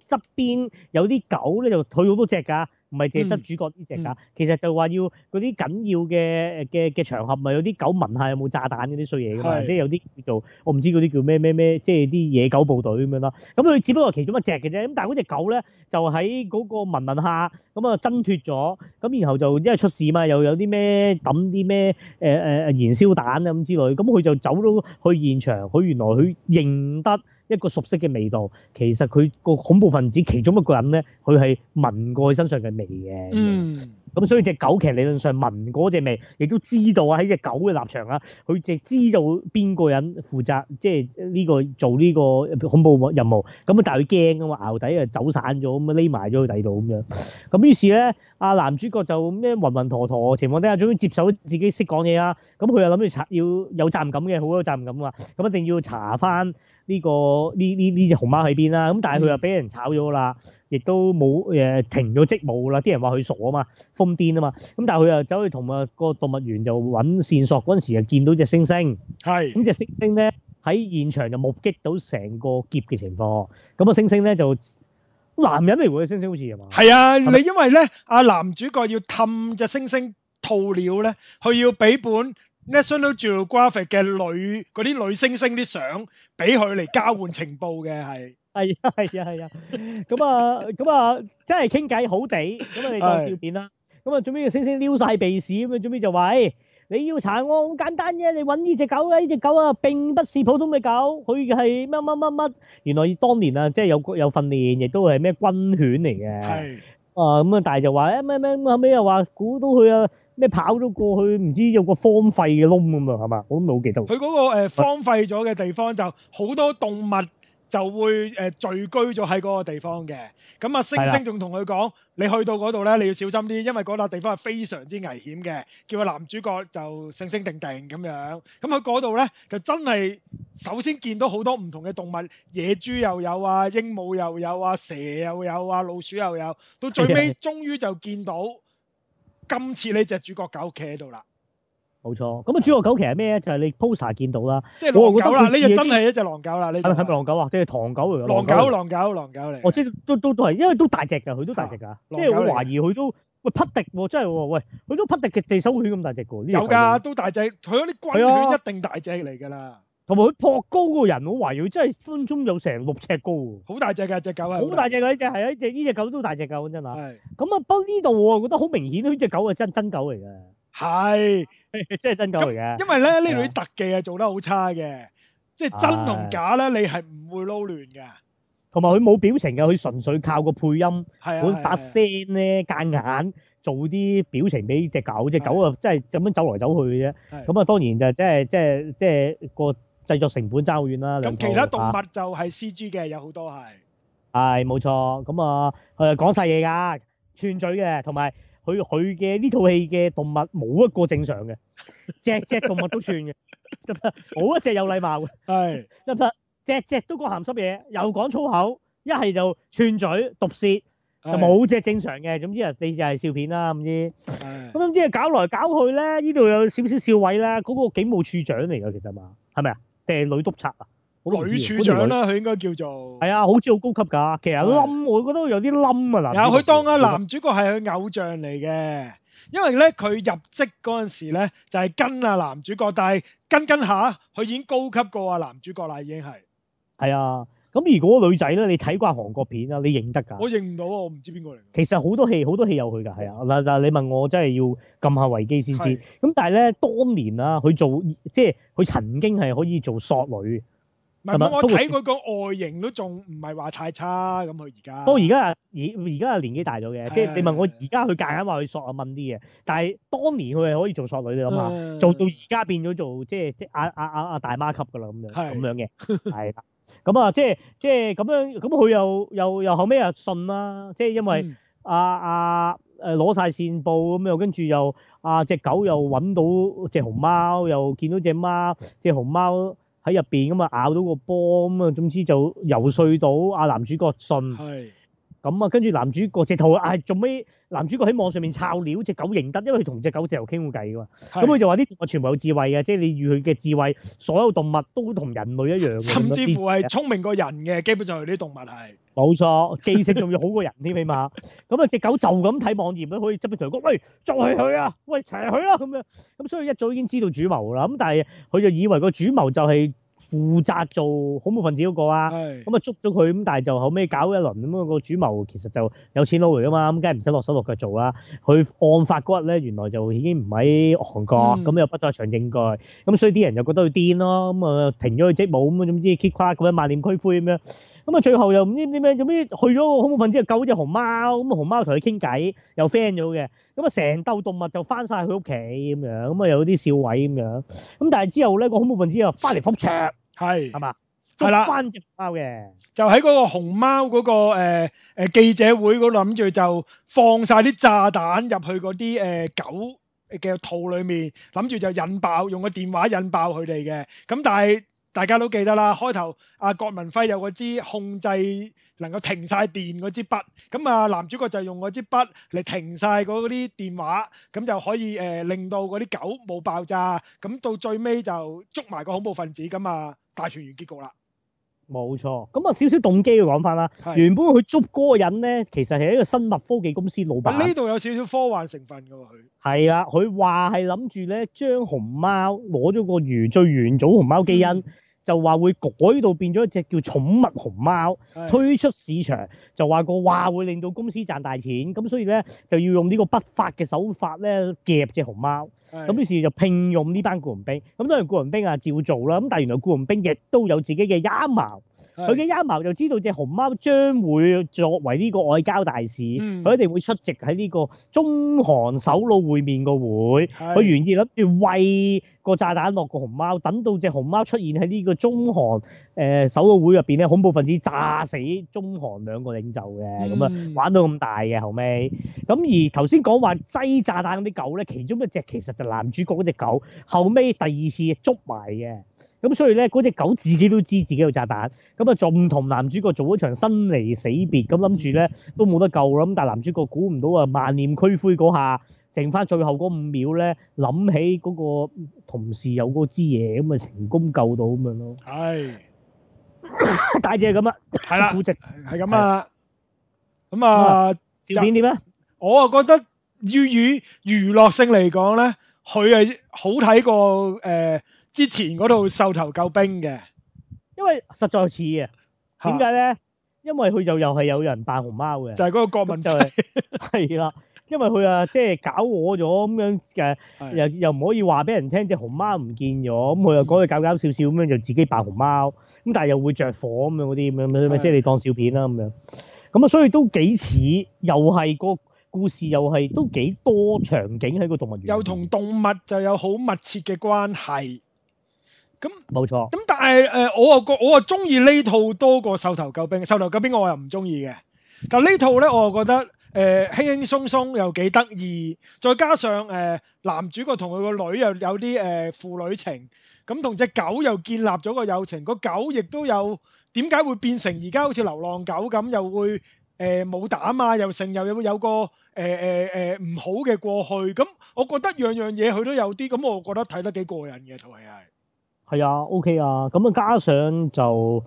側邊有啲狗咧，就睇好多隻噶。唔係淨係得主角呢隻㗎，其實就話要嗰啲緊要嘅誒嘅嘅場合，咪有啲狗聞下有冇炸彈嗰啲衰嘢㗎嘛，即係有啲叫做我唔知嗰啲叫咩咩咩，即係啲野狗部隊咁樣啦。咁佢只不過係其中一隻嘅啫。咁但係嗰隻狗咧，就喺嗰個聞聞下，咁啊掙脫咗。咁然後就因為出事啊嘛，又有啲咩抌啲咩誒誒誒燃燒彈啊咁之類，咁佢就走到去現場，佢原來佢認得。一個熟悉嘅味道，其實佢個恐怖分子其中一個人咧，佢係聞過佢身上嘅味嘅。嗯，咁所以隻狗其實理論上聞嗰隻味，亦都知道啊。喺隻狗嘅立場啊，佢只知道邊個人負責，即係呢個做呢個恐怖任務。咁啊，但係佢驚啊嘛，淆底啊走散咗，咁啊匿埋咗喺底度咁樣。咁於是咧，阿男主角就咩暈暈陀陀，情況底下終於接受自己識講嘢啦。咁佢又諗住查，要有責任感嘅，好有責任感啊。咁一定要查翻。呢、這個呢呢呢隻熊貓喺邊啦？咁但係佢又俾人炒咗啦，亦、嗯、都冇誒停咗職務啦。啲人話佢傻啊嘛，瘋癲啊嘛。咁但係佢又走去同啊個動物園就揾線索嗰陣時，又見到隻猩猩。係。咁隻猩猩咧喺現場就目擊到成個劫嘅情況。咁、那、啊、個、猩猩咧就男人嚟喎，猩猩好似係嘛？係啊，你因為咧啊男主角要氹隻猩猩吐鳥咧，佢要俾本。National Geographic 嘅女嗰啲女星星啲相，俾佢嚟交換情報嘅係。係 啊，係啊，係啊。咁、嗯、啊，咁、嗯、啊、嗯，真係傾偈好地。咁 啊，你講笑片啦。咁啊，做咩個星星撩晒鼻屎咁啊，做咩就話、欸：，你要查我好簡單啫，你揾呢隻狗啦，呢隻狗啊，並不是普通嘅狗，佢係乜乜乜乜。原來當年啊，即、就、係、是、有有訓練，亦都係咩軍犬嚟嘅。係。啊，咁、欸、啊，但係就話：，誒咩咩，後尾又話估到佢啊。咩跑咗過去？唔知有個荒廢嘅窿咁嘛？係嘛？我都冇記得。佢嗰個荒廢咗嘅地方，就好多動物就會誒、呃、聚居咗喺嗰個地方嘅。咁、嗯、啊，星星仲同佢講：你去到嗰度咧，你要小心啲，因為嗰笪地方係非常之危險嘅。叫個男主角就醒醒定定咁樣。咁佢嗰度咧，就真係首先見到好多唔同嘅動物，野豬又有啊，鸚鵡又有啊，蛇又有啊，老鼠又有。到最尾，終於就見到。 今次呢隻主角狗企喺度啦，冇錯。咁啊，主角狗其實咩咧？就係你 poster 見到啦，即係我覺得呢隻真係一隻狼狗啦。係咪係咪狼狗啊？即係唐狗嚟㗎。狼狗，狼狗，狼狗嚟。哦，即係都都都係，因為都大隻㗎，佢都大隻㗎。即係我懷疑佢都喂匹敵喎，真係喎，喂，佢都匹敵嘅極地守護犬咁大隻㗎。有㗎，都大隻，佢嗰啲骨血一定大隻嚟㗎啦。同埋佢撲高嗰個人，我懷疑佢真係寬中有成六尺高喎，好大隻嘅隻狗啊。好大隻嗰隻係啊，隻呢隻狗都大隻狗，真係。係。咁啊，不過呢度啊，覺得好明顯，呢隻狗係真真狗嚟嘅。係，真係真狗嚟嘅。因為咧，呢類特技係做得好差嘅，即係真同假咧，你係唔會撈亂嘅。同埋佢冇表情嘅，佢純粹靠個配音，佢把聲咧間硬做啲表情俾隻狗，隻狗啊，真係咁樣走嚟走去嘅啫。係。咁啊，當然就即係即係即係個。製作成本爭好遠啦，咁其他動物就係 CG 嘅，有好多係。係、哎、冇錯，咁啊，佢講晒嘢㗎，串嘴嘅，同埋佢佢嘅呢套戲嘅動物冇一個正常嘅，隻隻動物都串嘅，冇 一隻有禮貌嘅。係。乜乜？隻隻都講鹹濕嘢，又講粗口，一係就串嘴、毒舌，就冇隻正常嘅。總之啊，四隻係笑片啦，咁啲。係。咁點知搞來搞去咧？呢度有少少笑位啦。嗰、嗰個警務處長嚟㗎，其實嘛，係咪啊？女督察啊，女處長啦，佢應該叫做係啊，好似好高級㗎。其實冧，我覺得有啲冧啊。嗱、啊，主角，有佢當啊男主角係佢偶像嚟嘅，因為咧佢入職嗰陣時咧就係跟啊男主角，但係跟跟下，佢已經高級過啊男主角啦，已經係係啊。咁如果個女仔咧，你睇慣韓國片啊，你認得㗎？我認唔到啊，我唔知邊個嚟。其實好多戲好多戲有佢㗎，係啊。嗱嗱，你問我真係要撳下維基先知。咁但係咧，當年啦佢做即係佢曾經係可以做索女。唔係，我睇佢個外形都仲唔係話太差咁。佢而家不過而家而而家年紀大咗嘅，即係你問我而家佢夾硬話佢索啊問啲嘢，但係當年佢係可以做索女你諗下，做到而家變咗做即係即係阿阿阿阿大媽級㗎啦，咁樣咁樣嘅係啦。 咁、嗯、啊，即係即係咁樣，咁佢又又又後尾又信啦，即係因為阿阿誒攞晒線報咁樣，跟住又阿隻、啊、狗又揾到隻熊貓，又見到隻貓，隻熊貓喺入邊咁啊咬到個波，咁啊總之就游說到阿男主角信。咁啊，跟住男主角隻兔啊，做、哎、咩？男主角喺網上面抄料，隻狗認得，因為佢同隻狗隻又傾過偈噶嘛。咁佢就話啲動物全部有智慧嘅，即係你與佢嘅智慧，所有動物都同人類一樣，甚至乎係聰明過人嘅。基本上啲動物係冇錯，記性仲要好過人添， 起碼咁啊，隻狗就咁睇網頁都可以執起台骨，喂，就係佢啊，喂，騎佢啦咁樣。咁所以一早已經知道主謀啦。咁但係佢就以為個主謀就係、是。負責做恐怖分子嗰個啊，咁啊捉咗佢，咁但係就後尾搞一輪咁啊個主謀其實就有錢佬嚟㗎嘛，咁梗係唔使落手落腳做啦。佢案發日咧，原來就已經唔喺韓國，咁、嗯、又不在場證據，咁所以啲人就覺得佢癲咯，咁啊停咗佢職務，咁啊總之擊垮咁啊萬念俱灰咁樣，咁啊最後又唔知唔知做咩去咗個恐怖分子救嗰隻熊貓，咁啊熊貓同佢傾偈又 friend 咗嘅，咁啊成竇動物就翻晒佢屋企咁樣，咁啊有啲笑位咁樣，咁但係之後咧個恐怖分子又翻嚟覆桌。係，係嘛，捉翻隻貓嘅，就喺嗰個熊貓嗰、那個誒誒、呃、記者會嗰度諗住就放晒啲炸彈入去嗰啲誒狗嘅肚裏面，諗住就引爆，用個電話引爆佢哋嘅。咁但係大家都記得啦，開頭阿郭文輝有嗰支控制能夠停晒電嗰支筆，咁啊男主角就用嗰支筆嚟停晒嗰啲電話，咁就可以誒、呃、令到嗰啲狗冇爆炸。咁到最尾就捉埋個恐怖分子噶嘛。大團圓結局啦，冇錯。咁啊，少少動機嘅講法啦。原本佢捉嗰個人咧，其實係一個生物科技公司老闆。呢度有少少科幻成分噶喎，佢係啦，佢話係諗住咧，將熊貓攞咗個魚最原祖熊貓基因。嗯就話會改到變咗一隻叫寵物熊貓推出市場，就話個話會令到公司賺大錢，咁所以咧就要用呢個不法嘅手法咧夾隻熊貓，咁於是就聘用呢班僱傭兵，咁當然僱傭兵啊照做啦，咁但係原來僱傭兵亦都有自己嘅陰謀。佢嘅陰謀就知道隻熊貓將會作為呢個外交大使。佢、嗯、一定會出席喺呢個中韓首腦會面嘅會。佢、嗯、願意諗住餵個炸彈落個熊貓，等到隻熊貓出現喺呢個中韓誒、呃、首腦會入邊咧，恐怖分子炸死中韓兩個領袖嘅咁啊，玩到咁大嘅後尾。咁而頭先講話擠炸彈嗰啲狗咧，其中一隻其實就男主角嗰隻狗，後尾第二次捉埋嘅。咁所以咧，嗰隻狗自己都知自己有炸彈，咁啊，仲同男主角做一場生離死別，咁諗住咧都冇得救啦。咁但係男主角估唔到啊，萬念俱灰嗰下，剩翻最後嗰五秒咧，諗起嗰個同事有嗰支嘢，咁啊，成功救到咁樣咯。係，大致係咁啊。係啦，估值係咁啊。咁啊，片點咧？我啊覺得要以娛樂性嚟講咧，佢係好睇過誒。之前嗰套《獸頭救兵》嘅，因為實在似啊。點解咧？因為佢就又係有人扮熊貓嘅，就係、是、嗰個過敏就係係啦。因為佢啊，即係搞我咗咁 樣嘅，又 又唔可以話俾人聽隻 熊貓唔見咗，咁佢又講佢搞搞笑笑咁樣就自己扮熊貓。咁但係又會着火咁樣，嗰啲咁樣即係你當笑片啦咁樣。咁啊，所以都幾似，又係個故事又是，又係都幾多場景喺個動物園，又同動物就有好密切嘅關係。咁冇錯，咁但係誒，我又覺我又中意呢套多過《獸頭救兵》。《獸頭救兵》我又唔中意嘅，但呢套呢，我又覺得誒，輕輕鬆鬆又幾得意，再加上誒，男主角同佢個女又有啲誒父女情，咁同隻狗又建立咗個友情。個狗亦都有點解會變成而家好似流浪狗咁，又會誒冇膽啊，又成，又有會有個誒誒誒唔好嘅過去。咁我覺得樣樣嘢佢都有啲，咁我覺得睇得幾過癮嘅套戲。係啊，OK 啊，咁啊加上就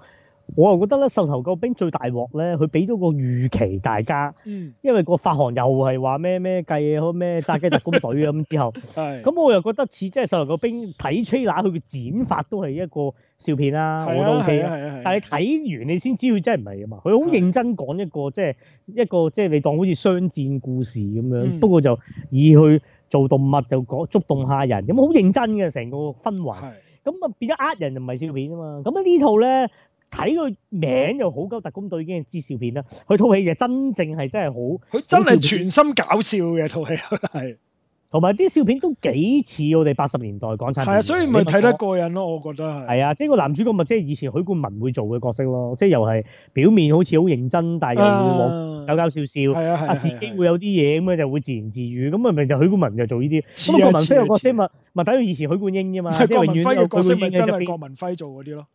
我又覺得咧，瘦頭個兵最大鑊咧，佢俾到個預期大家，嗯，因為個發行又係話咩咩計好咩炸雞特工隊啊咁 之後，咁、啊、我又覺得似真係瘦頭個兵睇 trailer 佢嘅剪法都係一個笑片啦、啊，我都 OK 啊,啊,啊,啊,啊，但你睇完你先知佢真係唔係啊嘛，佢好認真講一個即係、啊就是、一個即係、就是、你當好似商戰故事咁樣、嗯，不過就以去做動物就講觸動下人，有冇好認真嘅成個氛圍？咁啊，變咗呃人就唔係笑片啊嘛！咁啊呢套咧睇佢名就好狗特攻隊已經係知笑片啦。佢套戲就真正係真係好，佢真係全心搞笑嘅套戲係。 同埋啲笑片都幾似我哋八十年代港產片，係啊，所以咪睇得過癮咯，我覺得係。係啊，即係個男主角咪即係以前許冠文會做嘅角色咯，即係又係表面好似好認真，但係又冇搞搞笑笑，啊，啊，啊自己會有啲嘢咁樣就會自言自語，咁啊咪就許冠文就做呢啲。咁啊，郭文輝嘅角色咪咪等於以前許冠英啫嘛，因為演嘅角色就係郭文輝做嗰啲咯。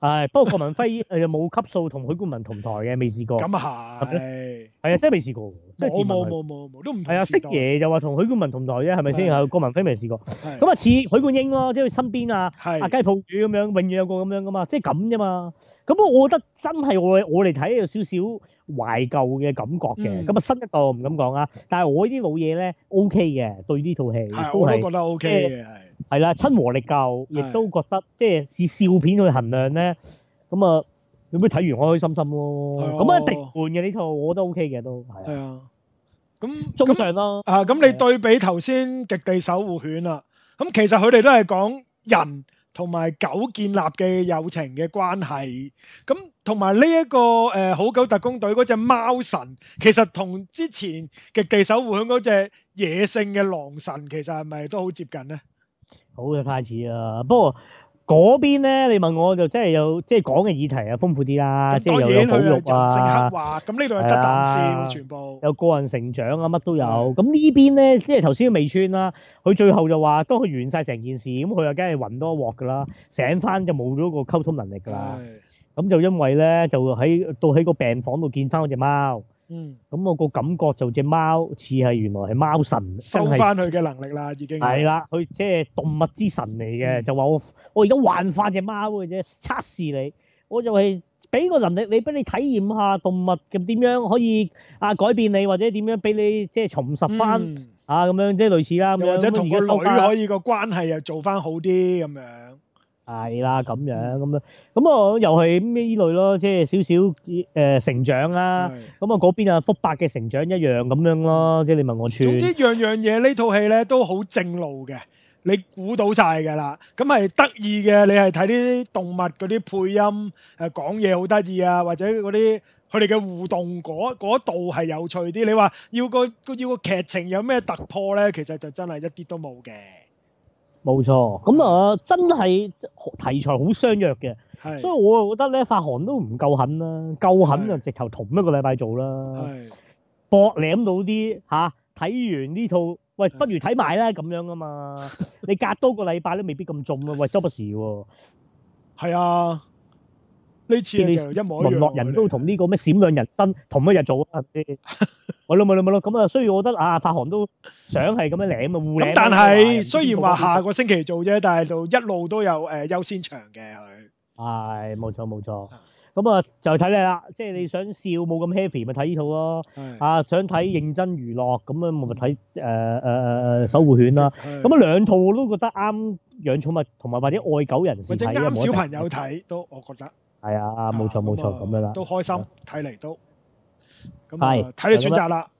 係、啊，不過郭文輝誒冇級數同許冠文同台嘅，未試過。咁啊誒真係未試過，真係冇冇冇冇都唔係啊！識嘢就話同許冠文同台啫，係咪先？然後郭文飛未試過，咁啊似許冠英咯，即係佢身邊啊啊雞泡魚咁樣，永遠有個咁樣噶嘛，即係咁啫嘛。咁啊，我覺得真係我我哋睇有少少懷舊嘅感覺嘅。咁啊，新一代我唔敢講啊，但係我呢啲老嘢咧 OK 嘅，對呢套戲都係，覺得 OK 嘅即係係啦，親和力夠，亦都覺得即係是笑片去衡量咧。咁啊～你有冇睇完開開心心咯、啊？咁一定換嘅呢套我都 OK 嘅都係啊。咁中常咯。啊，咁、啊、你對比頭先《極地守護犬、啊》啦、啊，咁其實佢哋都係講人同埋狗建立嘅友情嘅關係。咁同埋呢一個誒、呃，好狗特攻隊嗰隻貓神，其實同之前《極地守護犬》嗰隻野性嘅狼神，其實係咪都好接近呢？好嘅，太似啊，不過。嗰邊咧，你問我就真係有即係講嘅議題啊，豐富啲啦，即係又有保育人性刻畫，咁呢度又得啖線，全部有個人成長啊，乜都有。咁呢邊咧，即係頭先都未穿啦。佢最後就話，當佢完曬成件事咁，佢又梗係暈多一鑊㗎啦。醒翻就冇咗個溝通能力㗎啦。咁就因為咧，就喺到喺個病房度見翻嗰隻貓。嗯，咁我個感覺就隻貓似係原來係貓神收翻佢嘅能力啦，已經係啦，佢即係動物之神嚟嘅、嗯，就話我我而家幻化隻貓嘅啫，測試你，我就係俾個能力你，俾你體驗下動物咁點樣可以啊改變你，或者點樣俾你即係重拾翻、嗯、啊咁樣，即係類似啦，或者同個女可以個關係又做翻好啲咁樣。係啦，咁樣咁樣，咁啊又係咩呢類咯，即係少少誒成長啦。咁啊嗰邊啊福伯嘅成長一樣咁樣咯。即係你問我處。總之樣樣嘢呢套戲咧都好正路嘅，你估到曬㗎啦。咁係得意嘅，你係睇啲動物嗰啲配音誒講嘢好得意啊，或者嗰啲佢哋嘅互動嗰嗰度係有趣啲。你話要個個要個劇情有咩突破咧，其實就真係一啲都冇嘅。冇錯，咁啊真係題材好相約嘅，所以我啊覺得咧發行都唔夠狠啦，夠狠就直頭同一個禮拜做啦，係，博舐到啲嚇，睇、啊、完呢套，喂，不如睇埋啦咁樣㗎嘛， 你隔多個禮拜都未必咁重啊，喂，周不時喎，係啊。呢次你淪落人都同呢個咩閃亮人生同一日做啊！咪咯咪咯咪咯咁啊！雖然我覺得啊，發行都想係咁樣領咪護領，咁但係雖然話下個星期做啫，但係就一路都有誒優先場嘅佢。係冇錯冇錯，咁啊就睇你啦，即係你想笑冇咁 happy 咪睇呢套咯。啊，想睇認真娛樂咁樣咪睇誒誒誒守護犬啦。咁啊兩套我都覺得啱養寵物同埋或者愛狗人士睇啊，啱小朋友睇都我覺得。係啊，冇錯冇錯，咁、啊、樣啦、啊，都開心，睇嚟、啊、都咁，係睇、啊、你選擇啦。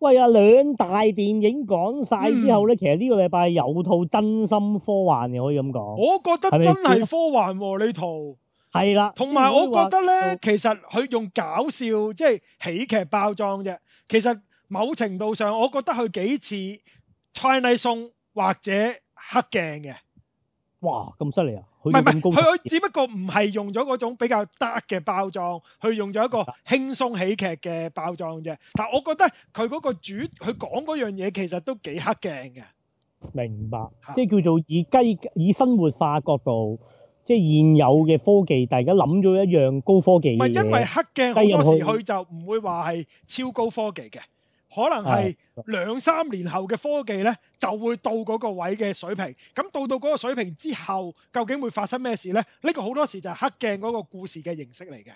喂啊，兩大電影講晒之後咧、嗯，其實呢個禮拜有套真心科幻嘅，可以咁講。我覺得真係科幻喎、啊，呢套係啦，同埋我覺得咧，其實佢用搞笑即係喜劇包裝啫。其實某程度上，我覺得佢幾似《蔡麗送》或者黑鏡的《黑鏡》嘅。哇，咁犀利啊！唔係唔係，佢只不過唔係用咗嗰種比較 dark 嘅包裝，佢用咗一個輕鬆喜劇嘅包裝啫。但係我覺得佢嗰個主佢講嗰樣嘢其實都幾黑鏡嘅。明白，即係叫做以以以生活化角度，即係現有嘅科技，大家諗咗一樣高科技。唔係因為黑鏡好多時佢就唔會話係超高科技嘅。可能係兩三年後嘅科技呢，就會到嗰個位嘅水平。咁到到嗰個水平之後，究竟會發生咩事呢？呢、這個好多時就係黑鏡嗰個故事嘅形式嚟嘅。係、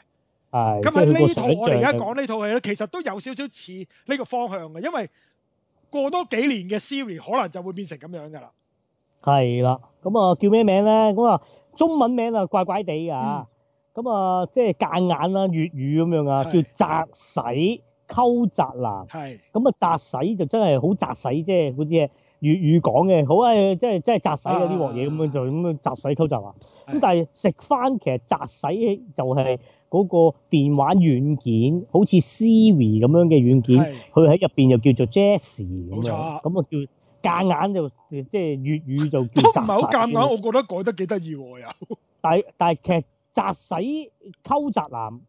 哎。咁啊，呢套我哋而家講呢套戲咧，其實都有少少似呢個方向嘅，因為過多幾年嘅 Siri 可能就會變成咁樣噶啦。係啦，咁啊叫咩名呢？咁啊中文名啊怪怪地啊，咁啊即係間眼啦，粵語咁樣啊，叫擇洗。溝宅男，咁、哎、啊，擇洗就真係好擇洗，即係嗰啲嘢粵語講嘅，好啊，即係即係擇洗嗰啲鑊嘢咁樣就咁樣擇洗溝宅男。咁但係食翻其實擇洗就係嗰個電話軟件，好似 Siri 咁樣嘅軟件，佢喺入邊又叫做 Jess 咁樣就叫，咁啊叫夾硬，硬就，就即、是、係粵語就叫擇洗。唔係好夾硬，我覺得改得幾得意又。但但係其實擇洗溝宅男。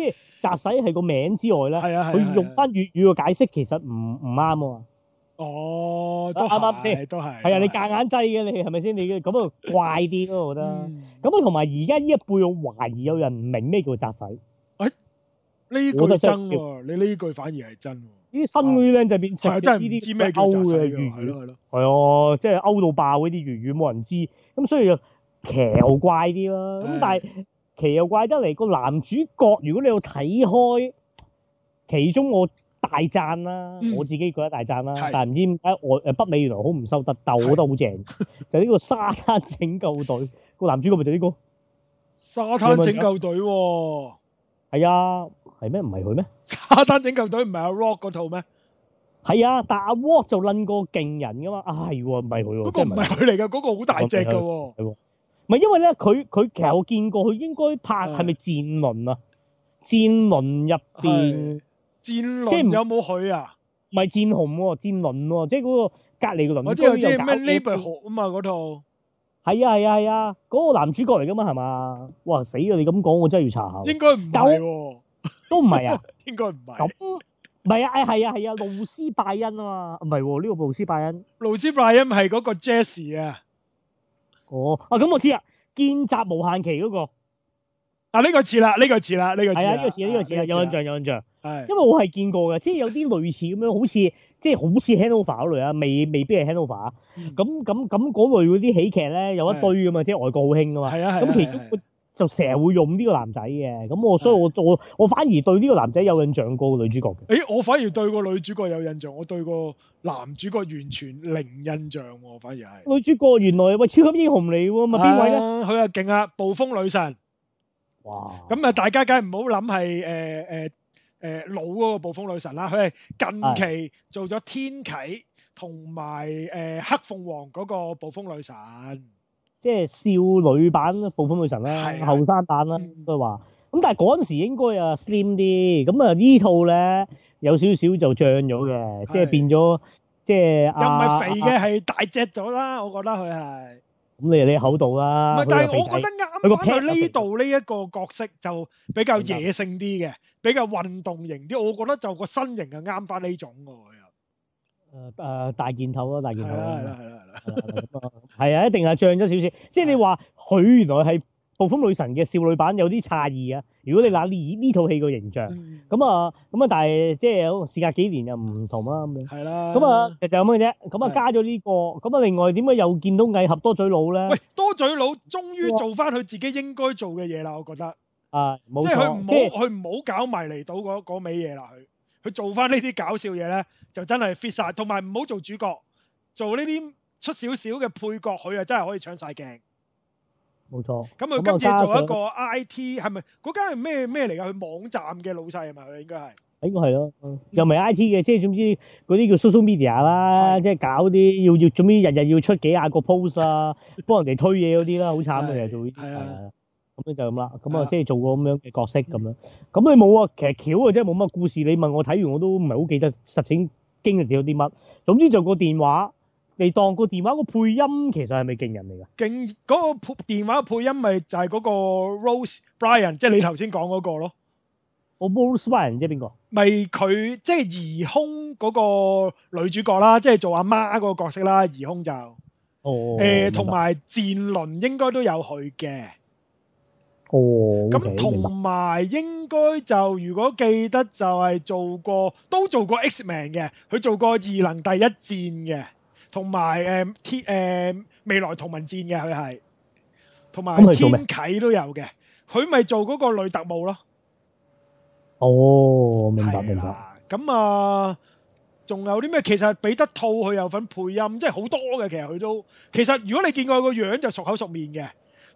即係擇洗係個名之外咧，佢、啊啊啊、用翻粵語個解釋其實唔唔啱喎。哦，都啱啱先？都係。係啊，你夾硬製嘅你係咪先？你咁啊怪啲咯，我覺得。咁、嗯、啊，同埋而家呢一輩，我懷疑有人唔明咩叫擇洗。誒、欸，呢、這、句、個、真喎。你呢句反而係真喎。啲新嗰啲僆仔變、啊，真係真唔知咩叫擇洗粵語。係咯係咯。係啊，即係歐到爆嗰啲粵語冇人知，咁所以騎後怪啲啦。咁但係。奇又怪得嚟，個男主角如果你要睇開，其中我大讚啦、嗯，我自己覺得大讚啦，但係唔知點解誒北美原來好唔收得，逗我覺得好正，就呢、是、個沙灘拯救隊個 男主角咪就呢、呢個沙灘拯救隊喎，係啊係咩？唔係佢咩？沙灘拯救隊唔係阿 Rock 嗰套咩？係啊，但阿 Rock 就撚過勁人噶嘛，啊係喎，唔係佢喎，嗰個唔係佢嚟噶，嗰個好大隻噶。唔係，因為咧，佢佢其實我見過，佢應該拍係咪戰輪啊？戰輪入邊戰輪有冇佢啊？唔係戰雄喎，戰輪喎，即係嗰個隔離嘅輪。我記得咩 Nebberhood 啊嘛，嗰套係啊係啊係啊，嗰、啊啊啊那個男主角嚟噶嘛，係嘛？哇死啊！你咁講，我真係要查下。應該唔係喎，都唔係啊。 應該唔係。咁唔係啊？誒係啊係啊，勞、啊、斯拜恩啊嘛，唔係喎？呢、這個勞斯拜恩，勞斯拜恩係嗰個 Jesse 啊。哦，啊咁我知啊，見習無限期嗰個，啊呢個字啦，呢個字啦，呢個字係啊呢個字呢個字啊，有印象有印象，係，因為我係見過嘅，即係有啲類似咁樣，好似 即係好似 handover 嗰類啊，未未必係 handover 咁、嗯、咁咁嗰類嗰啲喜劇咧有一堆噶嘛，即係外國好興噶嘛，係啊係，咁其中就成日會用呢個男仔嘅，咁我所以我我我反而對呢個男仔有印象過女主角嘅。誒，我反而對個女主角有印象，我對個男主角完全零印象喎，啊，反而係。女主角原來喂超級英雄嚟嘅喎，咪，啊、邊位咧？佢係勁啊，暴風女神。哇！咁啊，大家梗係唔好諗係誒誒誒老嗰個暴風女神啦，佢係近期做咗天啟同埋誒黑鳳凰嗰個暴風女神。即係少女版《暴風女神》啦，後生版啦，嗯、應該話。咁但係嗰時應該啊 Slim 啲，咁啊呢套咧有少少就脹咗嘅，即係變咗，即係、啊、又唔係肥嘅，係、啊、大隻咗啦。我覺得佢係。咁、嗯、你你厚度啦，但肥我覺得啱。佢呢度呢一個角色就比較野性啲嘅，比較運動型啲。我覺得就個身形係啱返呢種喎。誒、呃、誒，大件頭咯，大件頭咯，係啦係啦係啦，係啊，一定係漲咗少少， 即係你話佢原來係暴風女神嘅少女版有啲詫異啊。如果你嗱呢呢套戲個形象，咁啊咁啊，但係即係好，時隔幾年又唔同啦咁樣，係啦，咁啊就咁嘅啫，咁啊加咗呢、這個，咁啊另外點解又見到蟻俠多嘴佬咧？喂，多嘴佬終於做翻佢自己應該做嘅嘢啦，我覺得，啊冇錯，即係佢唔好佢唔好搞埋嚟到嗰嗰味嘢啦，佢。就是佢做翻呢啲搞笑嘢咧，就真係 fit 晒，同埋唔好做主角，做呢啲出少少嘅配角，佢啊真係可以搶晒鏡。冇錯。咁佢今次做一個 IT，係咪嗰間係咩咩嚟㗎？佢網站嘅老細係咪？佢應該係。應該係咯，又唔係 IT 嘅，即係總之嗰啲叫 social media 啦，即係、就是、搞啲要要，總之日日要出幾廿個 post 啊， 幫人哋推嘢嗰啲啦，好慘嘅、啊，其實做呢啲。咁就咁啦，咁啊即係做過咁樣嘅角色咁樣。咁你冇啊，其實橋啊，即係冇乜故事。你問我睇完我都唔係好記得，實情經歷咗啲乜。總之就個電話，你當個電話個配音其實係咪勁人嚟噶？勁、那、嗰個電電話個配音咪就係嗰個 Rose Bryan，即係你頭先講嗰個咯。我 Rose Bryan，即係邊個？咪佢即係疑空嗰個女主角啦，即、就、係、是、做阿媽嗰個角色啦。疑空就哦，誒、欸，同埋戰輪應該都有佢嘅。哦、oh, okay,，咁同埋應該就如果記得就係做過都做過 Xman 嘅，佢做過二能第一戰嘅，同埋誒天誒、呃、未來同盟戰嘅佢係，同埋天啟都有嘅，佢咪做嗰個雷特務咯？哦，明白明白，咁啊，仲有啲咩？其實彼得兔佢有份配音，即係好多嘅。其實佢都其實如果你見過個樣就熟口熟面嘅。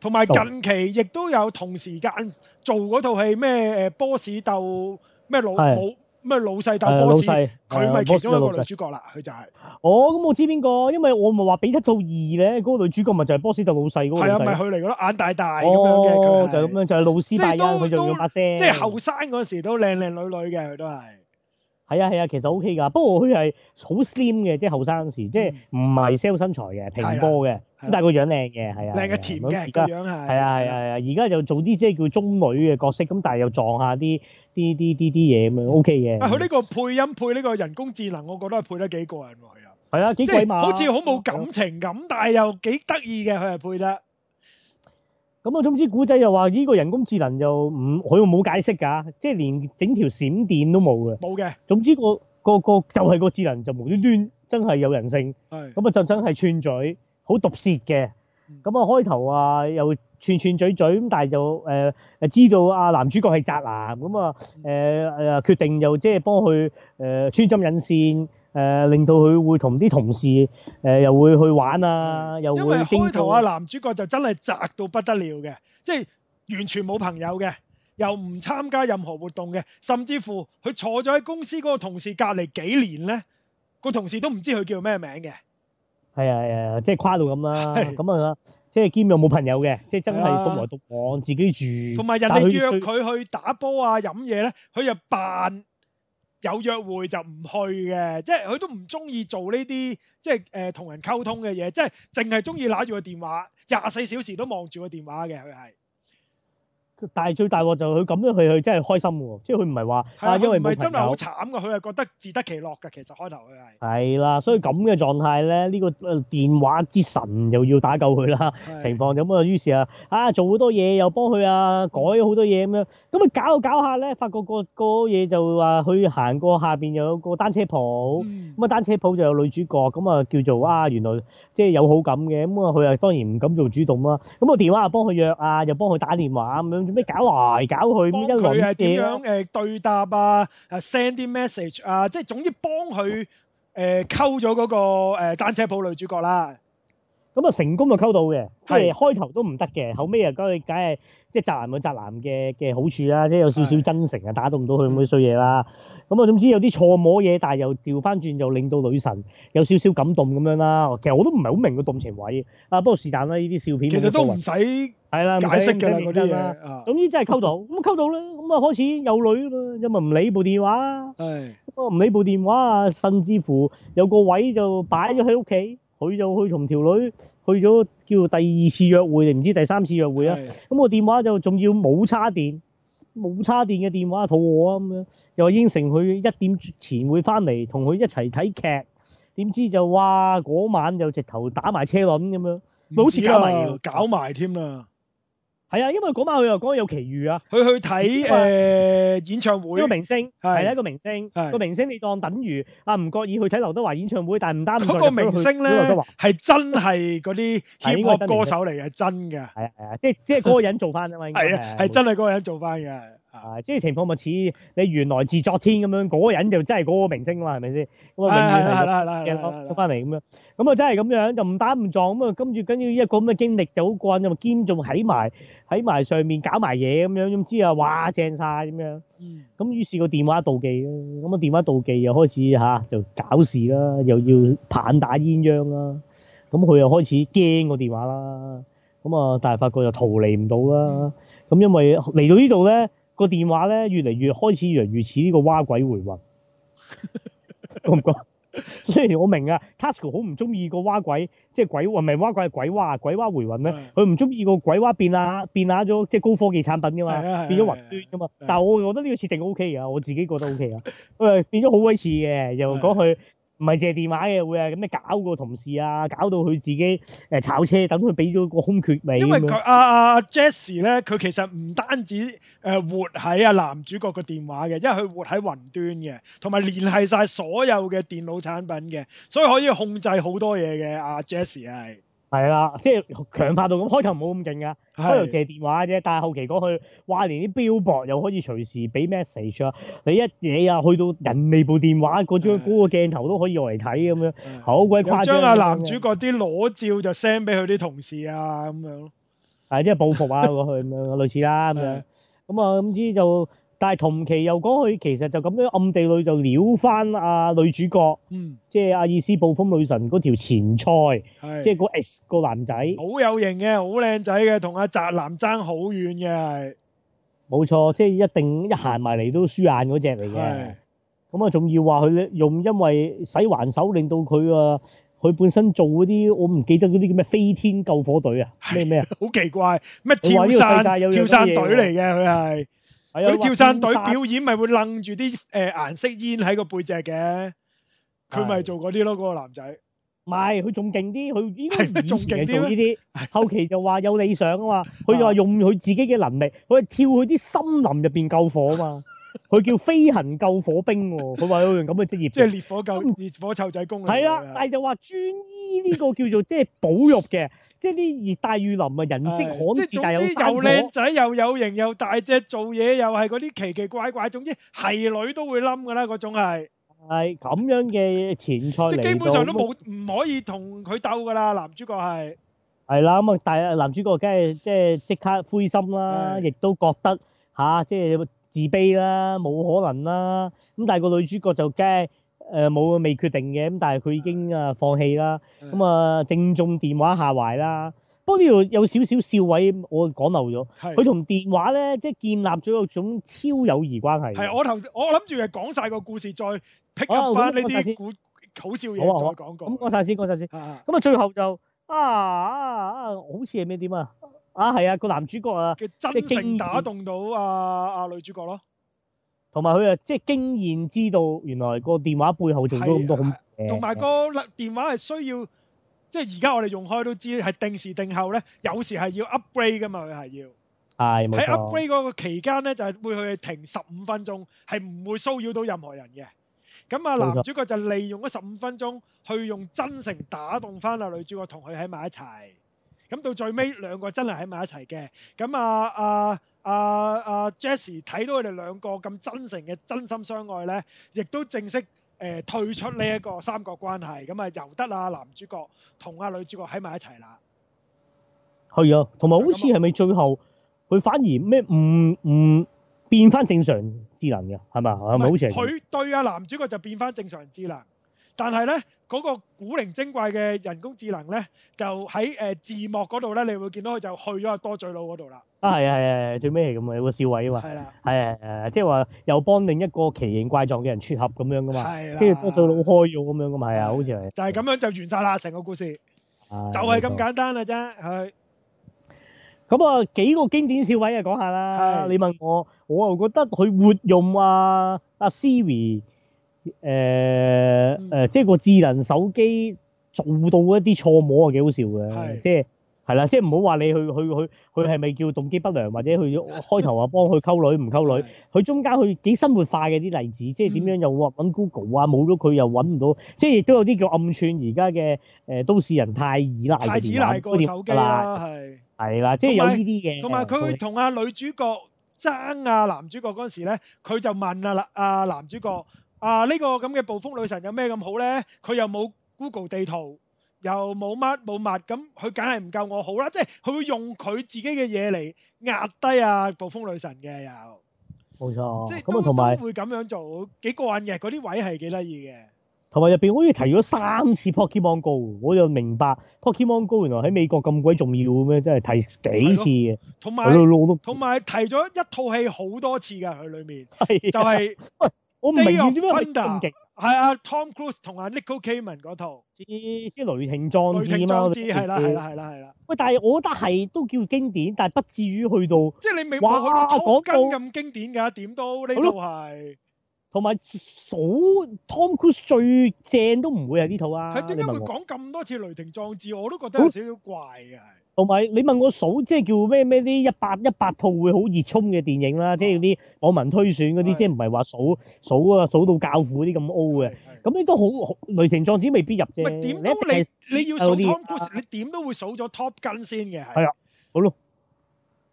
同埋近期亦都有同時間做嗰套戲，咩波士鬥咩老老咩老細鬥波士，佢咪其中一個女主角啦，佢就係、是就是。哦，咁我知邊個，因為我咪話俾得套二咧，嗰、那個女主角咪就係波士鬥老細嗰個。係啊，咪佢嚟噶咯，眼大大咁樣嘅佢，就咁、是、樣就係老師大音，佢仲要把聲。即係後生嗰陣時都靚靚女女嘅，佢都係。係啊係啊，其實 O K 噶，不過佢係好 Slim 嘅，即係後生時，即係唔係 sell 身材嘅，平波嘅，咁但係個樣靚嘅，係啊，靚嘅甜嘅樣係，係啊係啊，而家就做啲即係叫中女嘅角色，咁但係又撞下啲啲啲啲啲嘢咁樣 O K 嘅。佢呢個配音配呢個人工智能，我覺得係配得幾過癮喎，佢又係啊，幾鬼猛，好似好冇感情咁，但係又幾得意嘅，佢係配得。咁啊，總之古仔又話呢個人工智能又唔佢又冇解釋㗎，即係連整條閃電都冇嘅。冇嘅。總之個個個就係個智能就無端端端真係有人性。咁啊就真係串嘴，好毒舌嘅。咁、嗯、啊開頭啊又串串嘴嘴，咁但係就誒、呃、知道啊男主角係宅男，咁啊誒誒決定又即係幫佢誒穿針引線。誒、呃、令到佢會同啲同事誒、呃、又會去玩啊，又會啊因為開頭啊男主角就真係宅到不得了嘅，即係完全冇朋友嘅，又唔參加任何活動嘅，甚至乎佢坐咗喺公司嗰個同事隔離幾年咧，個同事都唔知佢叫咩名嘅。係啊係啊，啊，即係誇到咁啦、啊，咁啊，啊即係兼又冇朋友嘅，即係真係獨來獨往、啊，自己住。同埋人哋約佢去打波啊飲嘢咧，佢又扮。有約會就唔去嘅，即係佢都唔中意做呢啲，即係誒同人溝通嘅嘢，即係淨係中意攞住個電話，廿四小時都望住個電話嘅，佢係。他是但係最大鑊就佢咁樣去，佢真係開心喎，即係佢唔係話啊，因為唔係真係好慘嘅，佢係覺得自得其樂嘅。其實開頭佢係係啦，所以咁嘅狀態咧，呢個電話之神又要打救佢啦。情況就咁啊，於是呀啊啊做好多嘢又幫佢啊改咗好多嘢咁樣，咁啊搞搞下咧，發覺個個嘢就話去行過下邊有個單車鋪，咁啊單車鋪就有女主角，咁啊叫做哇，啊，原來即係有好感嘅，咁啊佢係當然唔敢做主動啦。咁個電話又幫佢約啊，又幫佢打電話咁樣。咩搞嚟搞去，幫佢係點樣誒對答啊？誒 send 啲 message 啊！即係總之幫佢誒溝咗嗰個誒、啊、單車鋪女主角啦。咁啊，成功就溝到嘅，即係開頭都唔得嘅，後尾啊，梗係即係宅男有宅男嘅嘅好處啦，即係有少少真誠啊，打動到佢咁啲衰嘢啦。咁啊，就總之有啲錯摸嘢，但係又調翻轉又令到女神有少少感動咁樣啦。其實我都唔係好明個動情位啊，不過是但啦，呢啲笑片其實都唔使係啦，解釋嘅。嗰啲嘢。總之真係溝到，咁溝到啦，咁啊開始有女啦，因為唔理部電話，咁啊唔理部電話啊，甚至乎有個位就擺咗喺屋企。佢就去同條女去咗叫第二次約會定唔知第三次約會啊？咁個電話就仲要冇叉電，冇叉電嘅電話肚餓啊咁樣，又話應承佢一點前會翻嚟同佢一齊睇劇，點知就哇嗰晚就直頭打埋車輪咁樣，好似搞埋搞埋添啊。係啊，因為嗰晚佢又講有奇遇啊，佢去睇誒、呃、演唱會，一個明星係一個明星，一個明星你當等於唔覺意去睇劉德華演唱會，但係唔擔唔佢個明星咧係真係嗰啲 hip hop 歌手嚟嘅，真嘅。係啊，即係即係嗰個人做翻啦，應該係真係嗰個人做翻嘅。 啊！即係情況咪似你原來自昨天咁樣，嗰個人就真係嗰個明星啊嘛，係咪先？咁啊，永遠係復復翻嚟咁樣。咁啊，真係咁樣就唔打唔撞咁啊，跟住跟住一個咁嘅經歷就好慣，咁啊兼仲喺埋喺埋上面搞埋嘢咁樣，咁知啊，哇正曬咁樣。嗯。咁於是個電話妒忌啊，咁啊電話妒忌又開始嚇就搞事啦，又要棒打鴛鴦啦。咁佢又開始驚個電話啦。咁啊，但係發覺又逃離唔到啦。咁因為嚟到呢度咧。個電話咧，越嚟越開始越嚟越似呢個蛙鬼回魂，覺唔覺？雖然我明啊 Tasuku 好唔中意個蛙鬼，即係鬼，唔係蛙鬼係鬼蛙，鬼蛙回魂咧，佢唔中意個鬼蛙變下變下咗，即係高科技產品㗎嘛，變咗雲端㗎嘛。但係我覺得呢個設定 O K 啊，我自己覺得 O K 啊，佢 為變咗好威水嘅，又講佢。唔係借電話嘅會啊，咁你搞個同事啊，搞到佢自己誒炒車，等佢俾咗個空缺位，啊。因為佢啊啊 Jesse 咧，佢其實唔單止誒活喺阿男主角嘅電話嘅，因為佢活喺雲端嘅，同埋聯繫晒所有嘅電腦產品嘅，所以可以控制好多嘢嘅。阿、啊、Jesse 係。係啦、啊，即係強化到咁，開頭冇咁勁噶，開頭借電話啫，但係後期過去，哇，連啲標榜又可以隨時俾 message 啊，你一嘢啊，去到人哋部電話，嗰張嗰個鏡頭都可以用嚟睇咁樣，好鬼誇張。又將阿男主角啲裸照就 send 俾佢啲同事啊，咁樣，係即係報復啊，過去咁樣，類似啦咁樣，咁啊總之就。但係同期又講佢其實就咁樣暗地裏就撩返阿女主角，即係阿伊斯暴風女神嗰條前菜，即係個 S 個男仔，好有型嘅，好靚仔嘅，同阿宅男爭好遠嘅，冇錯，即係一定一行埋嚟都輸硬嗰隻嚟嘅。咁啊，仲要話佢用因為使橫手令到佢啊，佢本身做嗰啲我唔記得嗰啲叫咩飛天救火隊啊，咩咩啊，好奇怪，咩跳傘跳傘隊嚟嘅佢係。佢跳傘隊表演咪會擸住啲誒顏色煙喺個背脊嘅，佢咪做嗰啲咯，嗰、嗰個男仔。唔係，佢仲勁啲，佢應該仲勁啲。呢啲後期就話有理想啊嘛，佢就話用佢自己嘅能力，佢 跳去啲森林入邊救火啊嘛。佢 叫飛行救火兵喎，佢話有樣咁嘅職業。即係烈火救、嗯、烈火臭仔工。係啦，但係就話專醫呢個叫做即係保育嘅。 即係啲熱帶雨林啊，人跡罕至，但係又又靚仔，又有型，又大隻，做嘢又係嗰啲奇奇怪怪，總之係女都會冧噶啦，嗰種係。係咁樣嘅前菜嚟。即係基本上都冇，唔可以同佢鬥噶啦，男主角係。係啦，咁啊，但係男主角梗係即係即刻灰心啦，亦都覺得吓即係自卑啦，冇可能啦。咁但係個女主角就驚。誒冇未決定嘅，咁但係佢已經啊放棄啦。咁啊、嗯、正中電話下懷啦。不過呢度有少少笑位，我講漏咗。係。佢同電話咧，即係建立咗一種超友誼關係。係，我頭先我諗住係講曬個故事，再 pick up 翻呢啲古好笑嘢同我講過咁講曬先，啊啊、講曬先，先。咁啊，啊，最後就啊啊啊，好似係咩點啊？啊係啊，個男主角啊，即係真正打動到啊阿女、啊、主角咯。同埋佢啊，即係經驗知道，原來個電話背後仲、啊啊啊、有咁多同埋個電話係需要，即係而家我哋用開都知，係定時定後咧，有時係要 upgrade 噶嘛，佢係要。係、哎、冇錯、喺 upgrade 嗰個期間咧，就係、是、會去停十五分鐘，係唔會騷擾到任何人嘅。咁啊，男主角就利用咗十五分鐘，去用真誠打動翻啊女主角，同佢喺埋一齊。咁到最尾，兩個真係喺埋一齊嘅。咁啊啊！啊阿、啊、阿、啊、Jesse 睇到佢哋兩個咁真誠嘅真心相愛咧，亦都正式誒、呃、退出呢一個三角關係，咁啊由得啊男主角同阿女主角喺埋一齊啦。係啊，同埋好似係咪最後佢反而咩唔唔變翻正常智能嘅係嘛？係咪好似佢對啊男主角就變翻正常人智能，但係咧？嗰、那個古靈精怪嘅人工智能咧，就喺誒字幕嗰度咧，你會見到佢就去咗阿多嘴佬嗰度啦。啊，係係係，最尾係咁啊，有個笑位啊嘛。係啦。係啊，係，即係話又幫另一個奇形怪狀嘅人撮合咁樣噶嘛。係啦。跟住多嘴佬開咗咁樣噶嘛，係啊，好似係。就係、是、咁樣就完晒啦，成個故事就係、是、咁簡單啦啫。係咁啊幾個經典笑位啊，講下啦。你問我，我又覺得佢活用啊，阿、啊、Siri。誒、呃、誒、呃，即係個智能手機做到一啲錯摸啊，幾好笑嘅。係即係係啦，即係唔好話你去去去，佢係咪叫動機不良，或者佢開頭話幫佢溝女唔溝女，佢中間佢幾生活化嘅啲例子，即係點樣又搵 Google 啊，冇咗佢又搵唔到，即係亦都有啲叫暗寸而家嘅誒都市人太依賴太依賴個手機啦。係係啦，即係有呢啲嘅。同埋佢同阿女主角爭啊，男主角嗰陣時咧，佢就問阿、啊、阿男主角。啊！呢、這個咁嘅暴風女神有咩咁好咧？佢又冇 Google 地圖，又冇乜冇物，咁佢梗係唔夠我好啦！即係佢會用佢自己嘅嘢嚟壓低啊暴風女神嘅又冇錯，即係咁啊，同埋會咁樣做幾過癮嘅，嗰啲位係幾得意嘅。同埋入邊好似提咗三次 Pokemon Go，我又明白 Pokemon Go 原來喺美國咁鬼重要咩？真係提幾次嘅，同埋同埋提咗一套戲好多次嘅佢裏面，就係、是。 我明點解咁勁？係啊，Tom Cruise 同阿 Nicole Kidman 嗰套，似啲雷霆壯志，雷霆壯志，係啦係啦係啦係啦。喂，但係我覺得係都叫經典，但係不至於去到，即係你未話去到 Top Gun 咁經典㗎？點都呢度係。同埋數 Tom Cruise 最正都唔會係呢套啊！係點解會講咁多次雷霆壯志？我都覺得有少少怪嘅同埋你問我數，即係叫咩咩啲一百一百套會好熱衷嘅電影啦，即係啲網民推選嗰啲，即係唔係話數數啊數到教父啲咁 O 嘅。咁你都好,好雷霆壯志未必入啫。點你你,你要數 Tom Cruise，、啊、你點都會數咗 Top Gun 先嘅係。啊，好咯，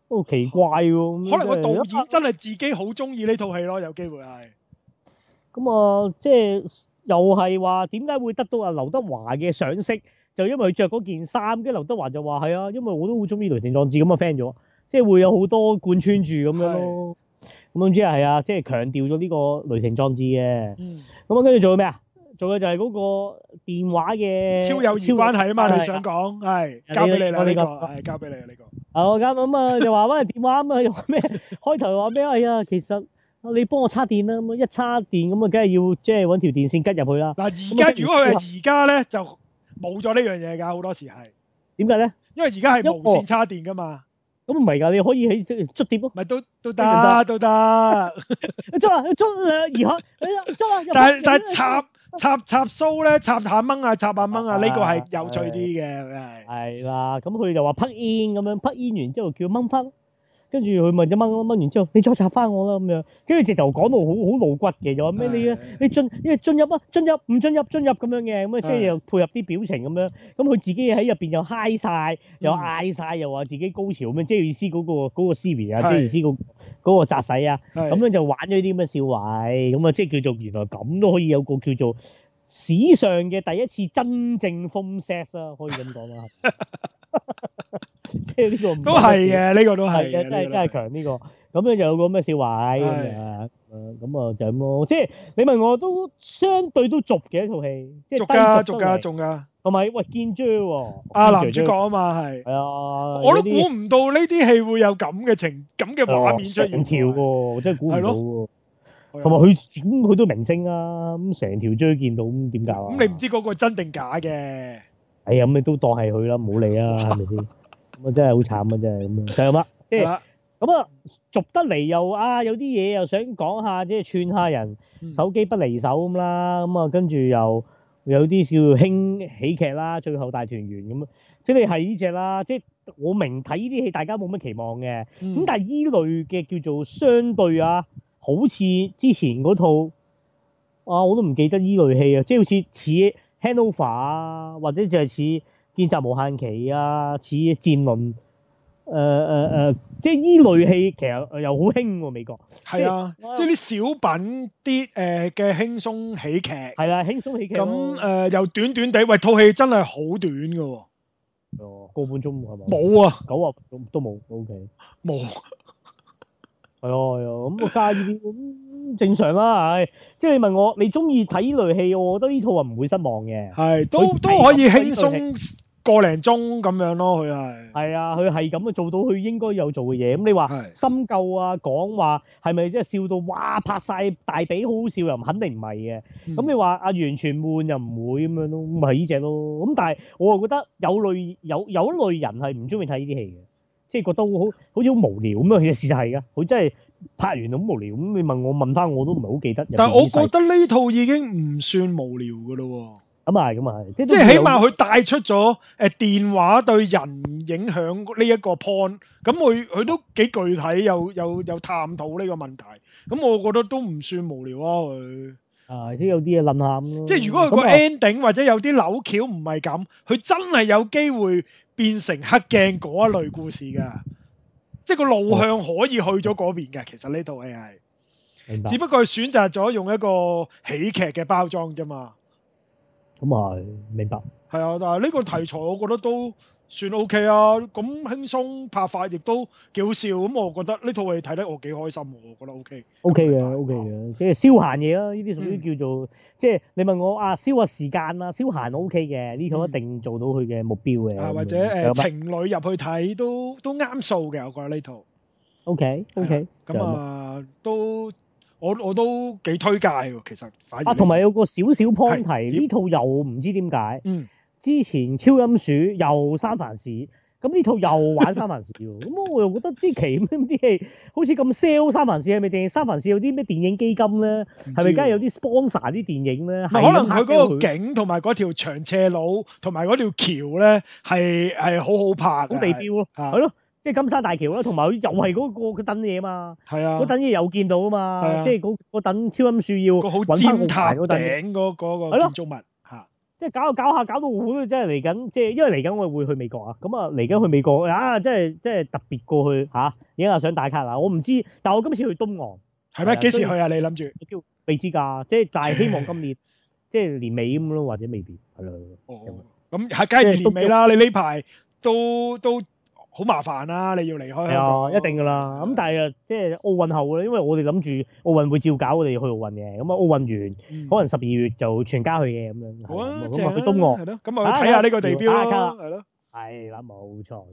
好奇怪喎、啊！可能個導演真係自己好中意呢套戲咯，有機會係。 咁啊，即係又係話點解會得到啊劉德華嘅賞識，就因為佢着嗰件衫。跟住劉德華就話係啊，因為我都好中意雷霆壯志咁啊 friend 咗，即係會有好多貫穿住咁樣咯。咁總知係啊，即係強調咗呢個雷霆壯志嘅。嗯。咁啊，跟住做咗咩啊？做嘅就係嗰個電話嘅超友誼關係啊嘛！你想講係？交俾你啦呢個，係交俾你啊呢個。啊！我咁咁啊，就 話翻電話啊嘛，又咩？開頭話咩？哎呀，其實。你幫我插電啦，咁一插電咁啊，梗係要即條電線吉入去啦。嗱，而家如果係而家咧，就冇咗呢樣嘢㗎，好多時係點解咧？因為而家係無線插電㗎嘛。咁唔係㗎，你可以喺捽碟咯。咪都都得都得。捽捽而可捽 捉了， 但係但係插插插蘇咧，插下掹啊，插下掹啊，呢個係有趣啲嘅。係啦，咁佢、嗯、就話 i 煙咁樣，i 煙完之後叫掹翻。跟住佢問咗掹掹掹完之後，你再插翻我啦咁樣。跟住直頭講到好好露骨嘅，就話咩你啊你進為進入啊進入唔進入進入咁樣嘅咁啊，即係又配合啲表情咁樣。咁佢自己喺入邊又嗨晒，又嗌晒，又話自己高潮咁樣，即係意思嗰個嗰個 C V 啊，即係意思嗰個雜使啊，咁樣就玩咗啲咁嘅笑話。咁啊，即係叫做原來咁都可以有個叫做。史上嘅第一次真正封 set 啦，可以咁講啦，即係呢個都係嘅，呢個都係嘅，真係真係強呢個。咁咧又有個咩小壞咁樣，啊就咁咯。即係你問我都相對都俗嘅一套戲，即係熟家熟噶熟噶，同埋喂建章喎，男主角嘛啊嘛係，係啊，我都估唔到呢啲戲會有咁嘅情、咁嘅畫面出現，哦、上跳喎，真係估唔到。同埋佢點？佢都明星啊，咁成條追見到，咁點搞啊？咁你唔知嗰個係真定假嘅？哎呀，咁你都當係佢啦，唔好理啦，係咪先？咁啊，真係好慘啊，真係咁樣。就係咁啊。即係咁啊，續得嚟又啊，有啲嘢又想講下即係，串下人，手機不離手咁啦。咁啊，跟住又有啲叫輕喜劇啦，最後大團圓咁樣。即係你係呢隻啦，即係我明睇呢啲戲，大家冇乜期望嘅。咁但係呢類嘅叫做相對啊。好似之前嗰套啊，我都唔記得依類戲啊，即係好似似 Handover 啊，或者就係似《建澤無限期》啊，似《戰論》誒誒誒，即係依類戲其實又好興喎美國。係啊，即係啲小品啲嘅輕鬆喜劇。係、啊、啦、啊，輕鬆喜劇、啊。咁誒、呃、又短短地，喂，套戲真係好短㗎喎。哦，個半鐘係嘛？冇啊，九啊都都冇，OK。冇。係 啊，咁我介意啲咁正常啦，係。即係你問我，你中意睇呢類戲，我覺得呢套啊唔會失望嘅。係，都都可以輕鬆個零鐘咁樣咯，佢係。係啊，佢係咁啊，做到佢應該有做嘅嘢。咁、嗯、你話深究啊，講話係咪即係笑到哇拍晒大髀好好笑？又唔肯定唔係嘅。咁、嗯、你話啊完全悶又唔會咁、嗯、樣、就是、咯，係呢隻咯。咁但係我又覺得有類有有一類人係唔中意睇呢啲戲嘅。即係覺得好好好似好無聊咁樣！其實事實係噶，佢真係拍完好無聊。咁你問我，問翻我都唔係好記得。但係我覺得呢套已經唔算無聊噶咯喎。咁啊係，咁啊係，即係起碼佢帶出咗誒電話對人影響呢一個 point。咁佢佢都幾具體，有有有探討呢個問題。咁我覺得都唔算無聊啊佢。係即係有啲嘢諗下咁咯。即係如果佢個 ending 或者有啲扭橋唔係咁，佢真係有機會。變成黑鏡嗰一類故事噶，即個路向可以去咗嗰邊噶。其實呢套戲係，明白，只不過選擇咗用一個喜劇嘅包裝啫嘛。咁、嗯、啊，明白。係啊，但係呢個題材，我覺得都。算 OK 啊，咁輕鬆拍法亦都幾好笑，咁我覺得呢套戲睇得我幾開心，我覺得 OK。OK 嘅，OK 嘅，即係消閒嘢咯。呢啲屬於叫做，即係你問我啊，消下時間啊，消閒 OK 嘅，呢套一定做到佢嘅目標嘅。啊，或者誒，情侶入去睇都都啱數嘅，我覺得呢套。OK，OK，咁啊，都我我都幾推介喎，其實。啊，同埋有個少少 point 題，呢套又唔知點解。嗯。之前超音鼠又三藩市，咁呢套又玩三藩市喎，咁 我又覺得啲奇咩啲戲好似咁 sell 三藩市係咪電影？三藩市有啲咩電影基金咧？係咪梗係有啲 sponsor 啲電影咧？可能佢嗰個景同埋嗰條長斜路同埋嗰條橋咧係係好好拍，好地標咯，係咯，啊啊，即係金山大橋啦，同埋又係嗰個等嘢嘛，係啊，嗰等嘢又見到啊嘛，啊即係嗰等超音鼠要好尖塔嗰個嗰嗰個建築物。啊即係搞，一搞，一搞，一搞得下搞下，搞到我都真係嚟緊，即係因為嚟緊我會去美國啊！咁啊嚟緊去美國啊，即係真係特別過去嚇，已經係想打卡啦。我唔知，但係我今次去東岸係咩？幾時去啊？你諗住我叫未知㗎，即係但係希望今年 即係年尾咁咯，或者未必係咯。哦，咁係梗係年尾啦！你呢排都都。好麻煩啦、啊，你要離開香港啊，是的一定噶啦。咁但係啊，即係奧運後咧，因為我哋諗住奧運會照搞我，我哋要去奧運嘅。咁、嗯、啊，奧運完可能十二月就全家去嘅咁樣。好啊，正去東岸係咯。咁啊，睇下呢個地標啦，係咯，打卡，係啦，冇錯。